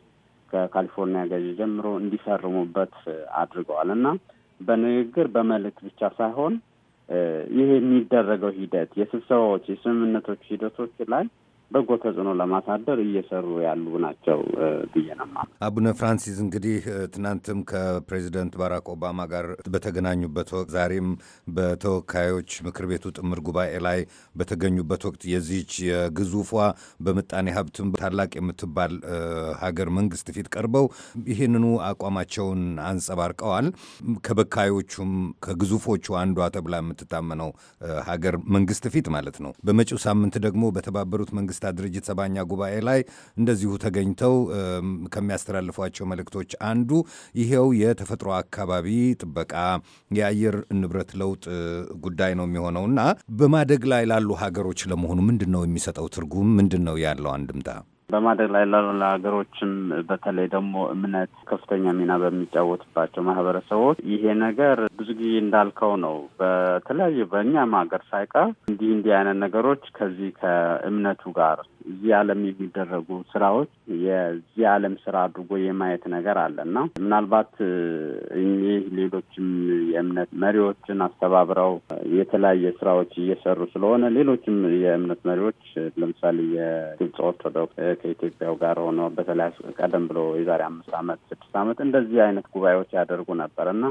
ከካሊፎርኒያ ገዢ ጀምሮ እንዲፈርሙበት አድርገዋል እና በንግግር በመልእክት ብቻ ሳይሆን ይህ የሚደረገው ሂደት የስብሰባዎች፣ የስምምነቶች ሂደቶች ላይ በጎ ተጽዕኖ ለማሳደር እየሰሩ ያሉ ናቸው ብዬ አቡነ ፍራንሲስ እንግዲህ ትናንትም ከፕሬዚደንት ባራክ ኦባማ ጋር በተገናኙበት ወቅት፣ ዛሬም በተወካዮች ምክር ቤቱ ጥምር ጉባኤ ላይ በተገኙበት ወቅት የዚች የግዙፏ በምጣኔ ሀብትም ታላቅ የምትባል ሀገር መንግስት ፊት ቀርበው ይህንኑ አቋማቸውን አንጸባርቀዋል። ከበካዮቹም ከግዙፎቹ አንዷ ተብላ የምትታመነው ሀገር መንግስት ፊት ማለት ነው። በመጪው ሳምንት ደግሞ በተባበሩት መንግስት የመንግስታት ድርጅት ሰባኛ ጉባኤ ላይ እንደዚሁ ተገኝተው ከሚያስተላልፏቸው መልእክቶች አንዱ ይሄው የተፈጥሮ አካባቢ ጥበቃ፣ የአየር ንብረት ለውጥ ጉዳይ ነው የሚሆነው እና በማደግ ላይ ላሉ ሀገሮች ለመሆኑ ምንድን ነው የሚሰጠው ትርጉም? ምንድን ነው ያለው አንድምታ? በማደግ ላይ ላሉ ለሀገሮችም በተለይ ደግሞ እምነት ከፍተኛ ሚና በሚጫወትባቸው ማህበረሰቦች ይሄ ነገር ብዙ ጊዜ እንዳልከው ነው። በተለያዩ በእኛም ሀገር ሳይቀር እንዲህ እንዲህ አይነት ነገሮች ከዚህ ከእምነቱ ጋር እዚህ ዓለም የሚደረጉ ስራዎች የዚህ ዓለም ስራ አድርጎ የማየት ነገር አለ እና ምናልባት እኚህ ሌሎችም የእምነት መሪዎችን አስተባብረው የተለያየ ስራዎች እየሰሩ ስለሆነ ሌሎችም የእምነት መሪዎች ለምሳሌ የግብፅ ኦርቶዶክስ ከኢትዮጵያው ጋር ሆኖ በተለያ ቀደም ብሎ የዛሬ አምስት ዓመት ስድስት ዓመት እንደዚህ አይነት ጉባኤዎች ያደርጉ ነበር እና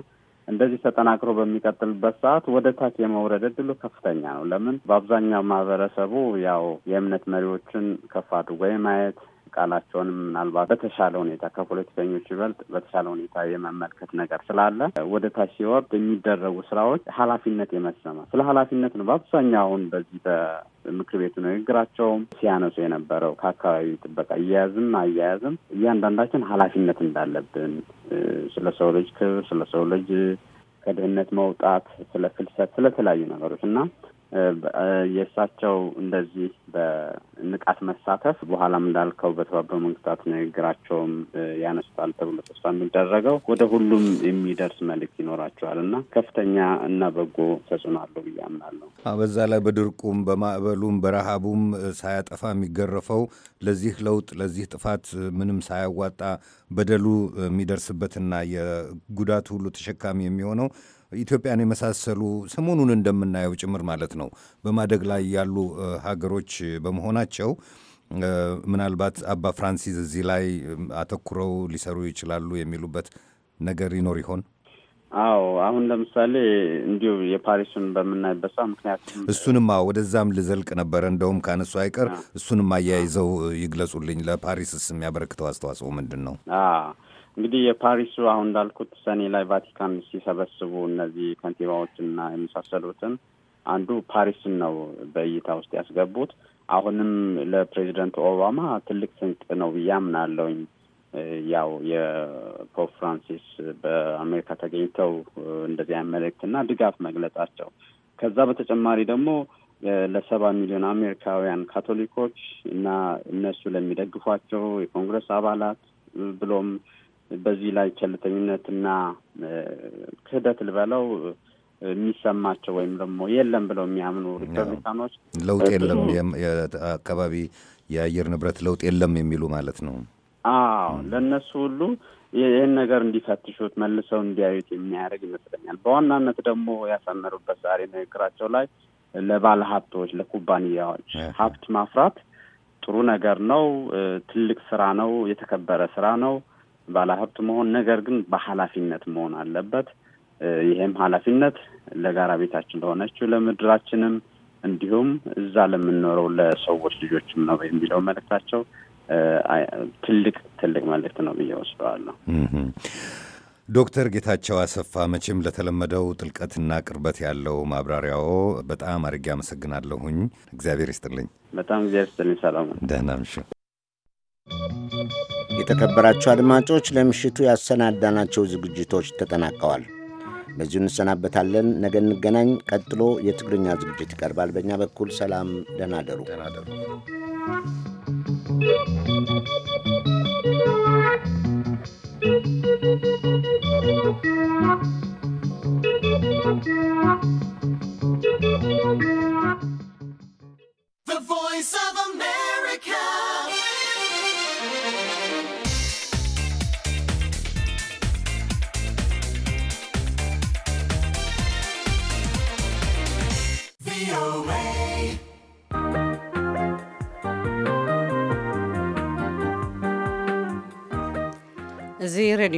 እንደዚህ ተጠናክሮ በሚቀጥልበት ሰዓት ወደ ታች የመውረድ እድሉ ከፍተኛ ነው። ለምን በአብዛኛው ማህበረሰቡ ያው የእምነት መሪዎችን ከፍ አድርጎ የማየት ቃላቸውንም ምናልባት በተሻለ ሁኔታ ከፖለቲከኞች ይበልጥ በተሻለ ሁኔታ የመመልከት ነገር ስላለ ወደ ታች ሲወርድ የሚደረጉ ስራዎች ኃላፊነት የመሰማ ስለ ኃላፊነት ነው በአብዛኛው አሁን በዚህ በምክር ቤቱ ንግግራቸውም ሲያነሱ የነበረው ከአካባቢ ጥበቃ እያያዝም አያያዝም እያንዳንዳችን ኃላፊነት እንዳለብን ስለ ሰው ልጅ ክብር፣ ስለ ሰው ልጅ ከድህነት መውጣት፣ ስለ ፍልሰት፣ ስለተለያዩ ነገሮች እና የእሳቸው እንደዚህ በንቃት መሳተፍ በኋላም እንዳልከው በተባበሩ መንግስታት ንግግራቸውም ያነሱታል ተብሎ ተስፋ የሚደረገው ወደ ሁሉም የሚደርስ መልእክት ይኖራቸዋል እና ከፍተኛ እና በጎ ተጽዕኖ አለው ብዬ አምናለሁ። በዛ ላይ በድርቁም በማዕበሉም በረሃቡም ሳያጠፋ የሚገረፈው ለዚህ ለውጥ ለዚህ ጥፋት ምንም ሳያዋጣ በደሉ የሚደርስበትና የጉዳት ሁሉ ተሸካሚ የሚሆነው ኢትዮጵያን የመሳሰሉ ሰሞኑን እንደምናየው ጭምር ማለት ነው በማደግ ላይ ያሉ ሀገሮች በመሆናቸው ምናልባት አባ ፍራንሲስ እዚህ ላይ አተኩረው ሊሰሩ ይችላሉ የሚሉበት ነገር ይኖር ይሆን? አዎ አሁን ለምሳሌ እንዲሁ የፓሪሱን በምናይበት ሰዓት ምክንያቱም አዎ ወደዛም ልዘልቅ ነበረ እንደውም ካነሱ አይቀር እሱንም አያይዘው ይግለጹልኝ። ለፓሪስስ የሚያበረክተው አስተዋጽኦ ምንድን ነው? እንግዲህ የፓሪሱ አሁን እንዳልኩት ሰኔ ላይ ቫቲካን ሲሰበስቡ እነዚህ ከንቲባዎችና የመሳሰሉትን አንዱ ፓሪስን ነው በእይታ ውስጥ ያስገቡት። አሁንም ለፕሬዚደንት ኦባማ ትልቅ ስንቅ ነው ብዬ አምናለሁኝ። ያው የፖፕ ፍራንሲስ በአሜሪካ ተገኝተው እንደዚህ መልእክትና ድጋፍ መግለጻቸው ከዛ በተጨማሪ ደግሞ ለሰባ ሚሊዮን አሜሪካውያን ካቶሊኮች እና እነሱ ለሚደግፏቸው የኮንግረስ አባላት ብሎም በዚህ ላይ ቸልተኝነትና ክህደት ልበለው የሚሰማቸው ወይም ደግሞ የለም ብለው የሚያምኑ ሪፐብሊካኖች ለውጥ የለም አካባቢ የአየር ንብረት ለውጥ የለም የሚሉ ማለት ነው። አዎ ለእነሱ ሁሉ ይህን ነገር እንዲፈትሹት መልሰው እንዲያዩት የሚያደርግ ይመስለኛል። በዋናነት ደግሞ ያሰመሩበት ዛሬ ንግግራቸው ላይ ለባለ ሀብቶች፣ ለኩባንያዎች ሀብት ማፍራት ጥሩ ነገር ነው፣ ትልቅ ስራ ነው፣ የተከበረ ስራ ነው ባለሀብት መሆን፣ ነገር ግን በኃላፊነት መሆን አለበት። ይህም ኃላፊነት ለጋራ ቤታችን ለሆነችው ለምድራችንም እንዲሁም እዛ ለምንኖረው ለሰዎች ልጆችም ነው የሚለው መልእክታቸው ትልቅ ትልቅ መልእክት ነው ብዬ ወስደዋለሁ። ዶክተር ጌታቸው አሰፋ መቼም ለተለመደው ጥልቀትና ቅርበት ያለው ማብራሪያዎ በጣም አድርጌ አመሰግናለሁኝ። እግዚአብሔር ይስጥልኝ። በጣም እግዚአብሔር ይስጥልኝ ሰላሙ። ደህና ምሽት። የተከበራችሁ አድማጮች ለምሽቱ ያሰናዳናቸው ዝግጅቶች ተጠናቀዋል። በዚሁ እንሰናበታለን። ነገ እንገናኝ። ቀጥሎ የትግርኛ ዝግጅት ይቀርባል። በእኛ በኩል ሰላም፣ ደህና ደሩ። The Voice of America zirenio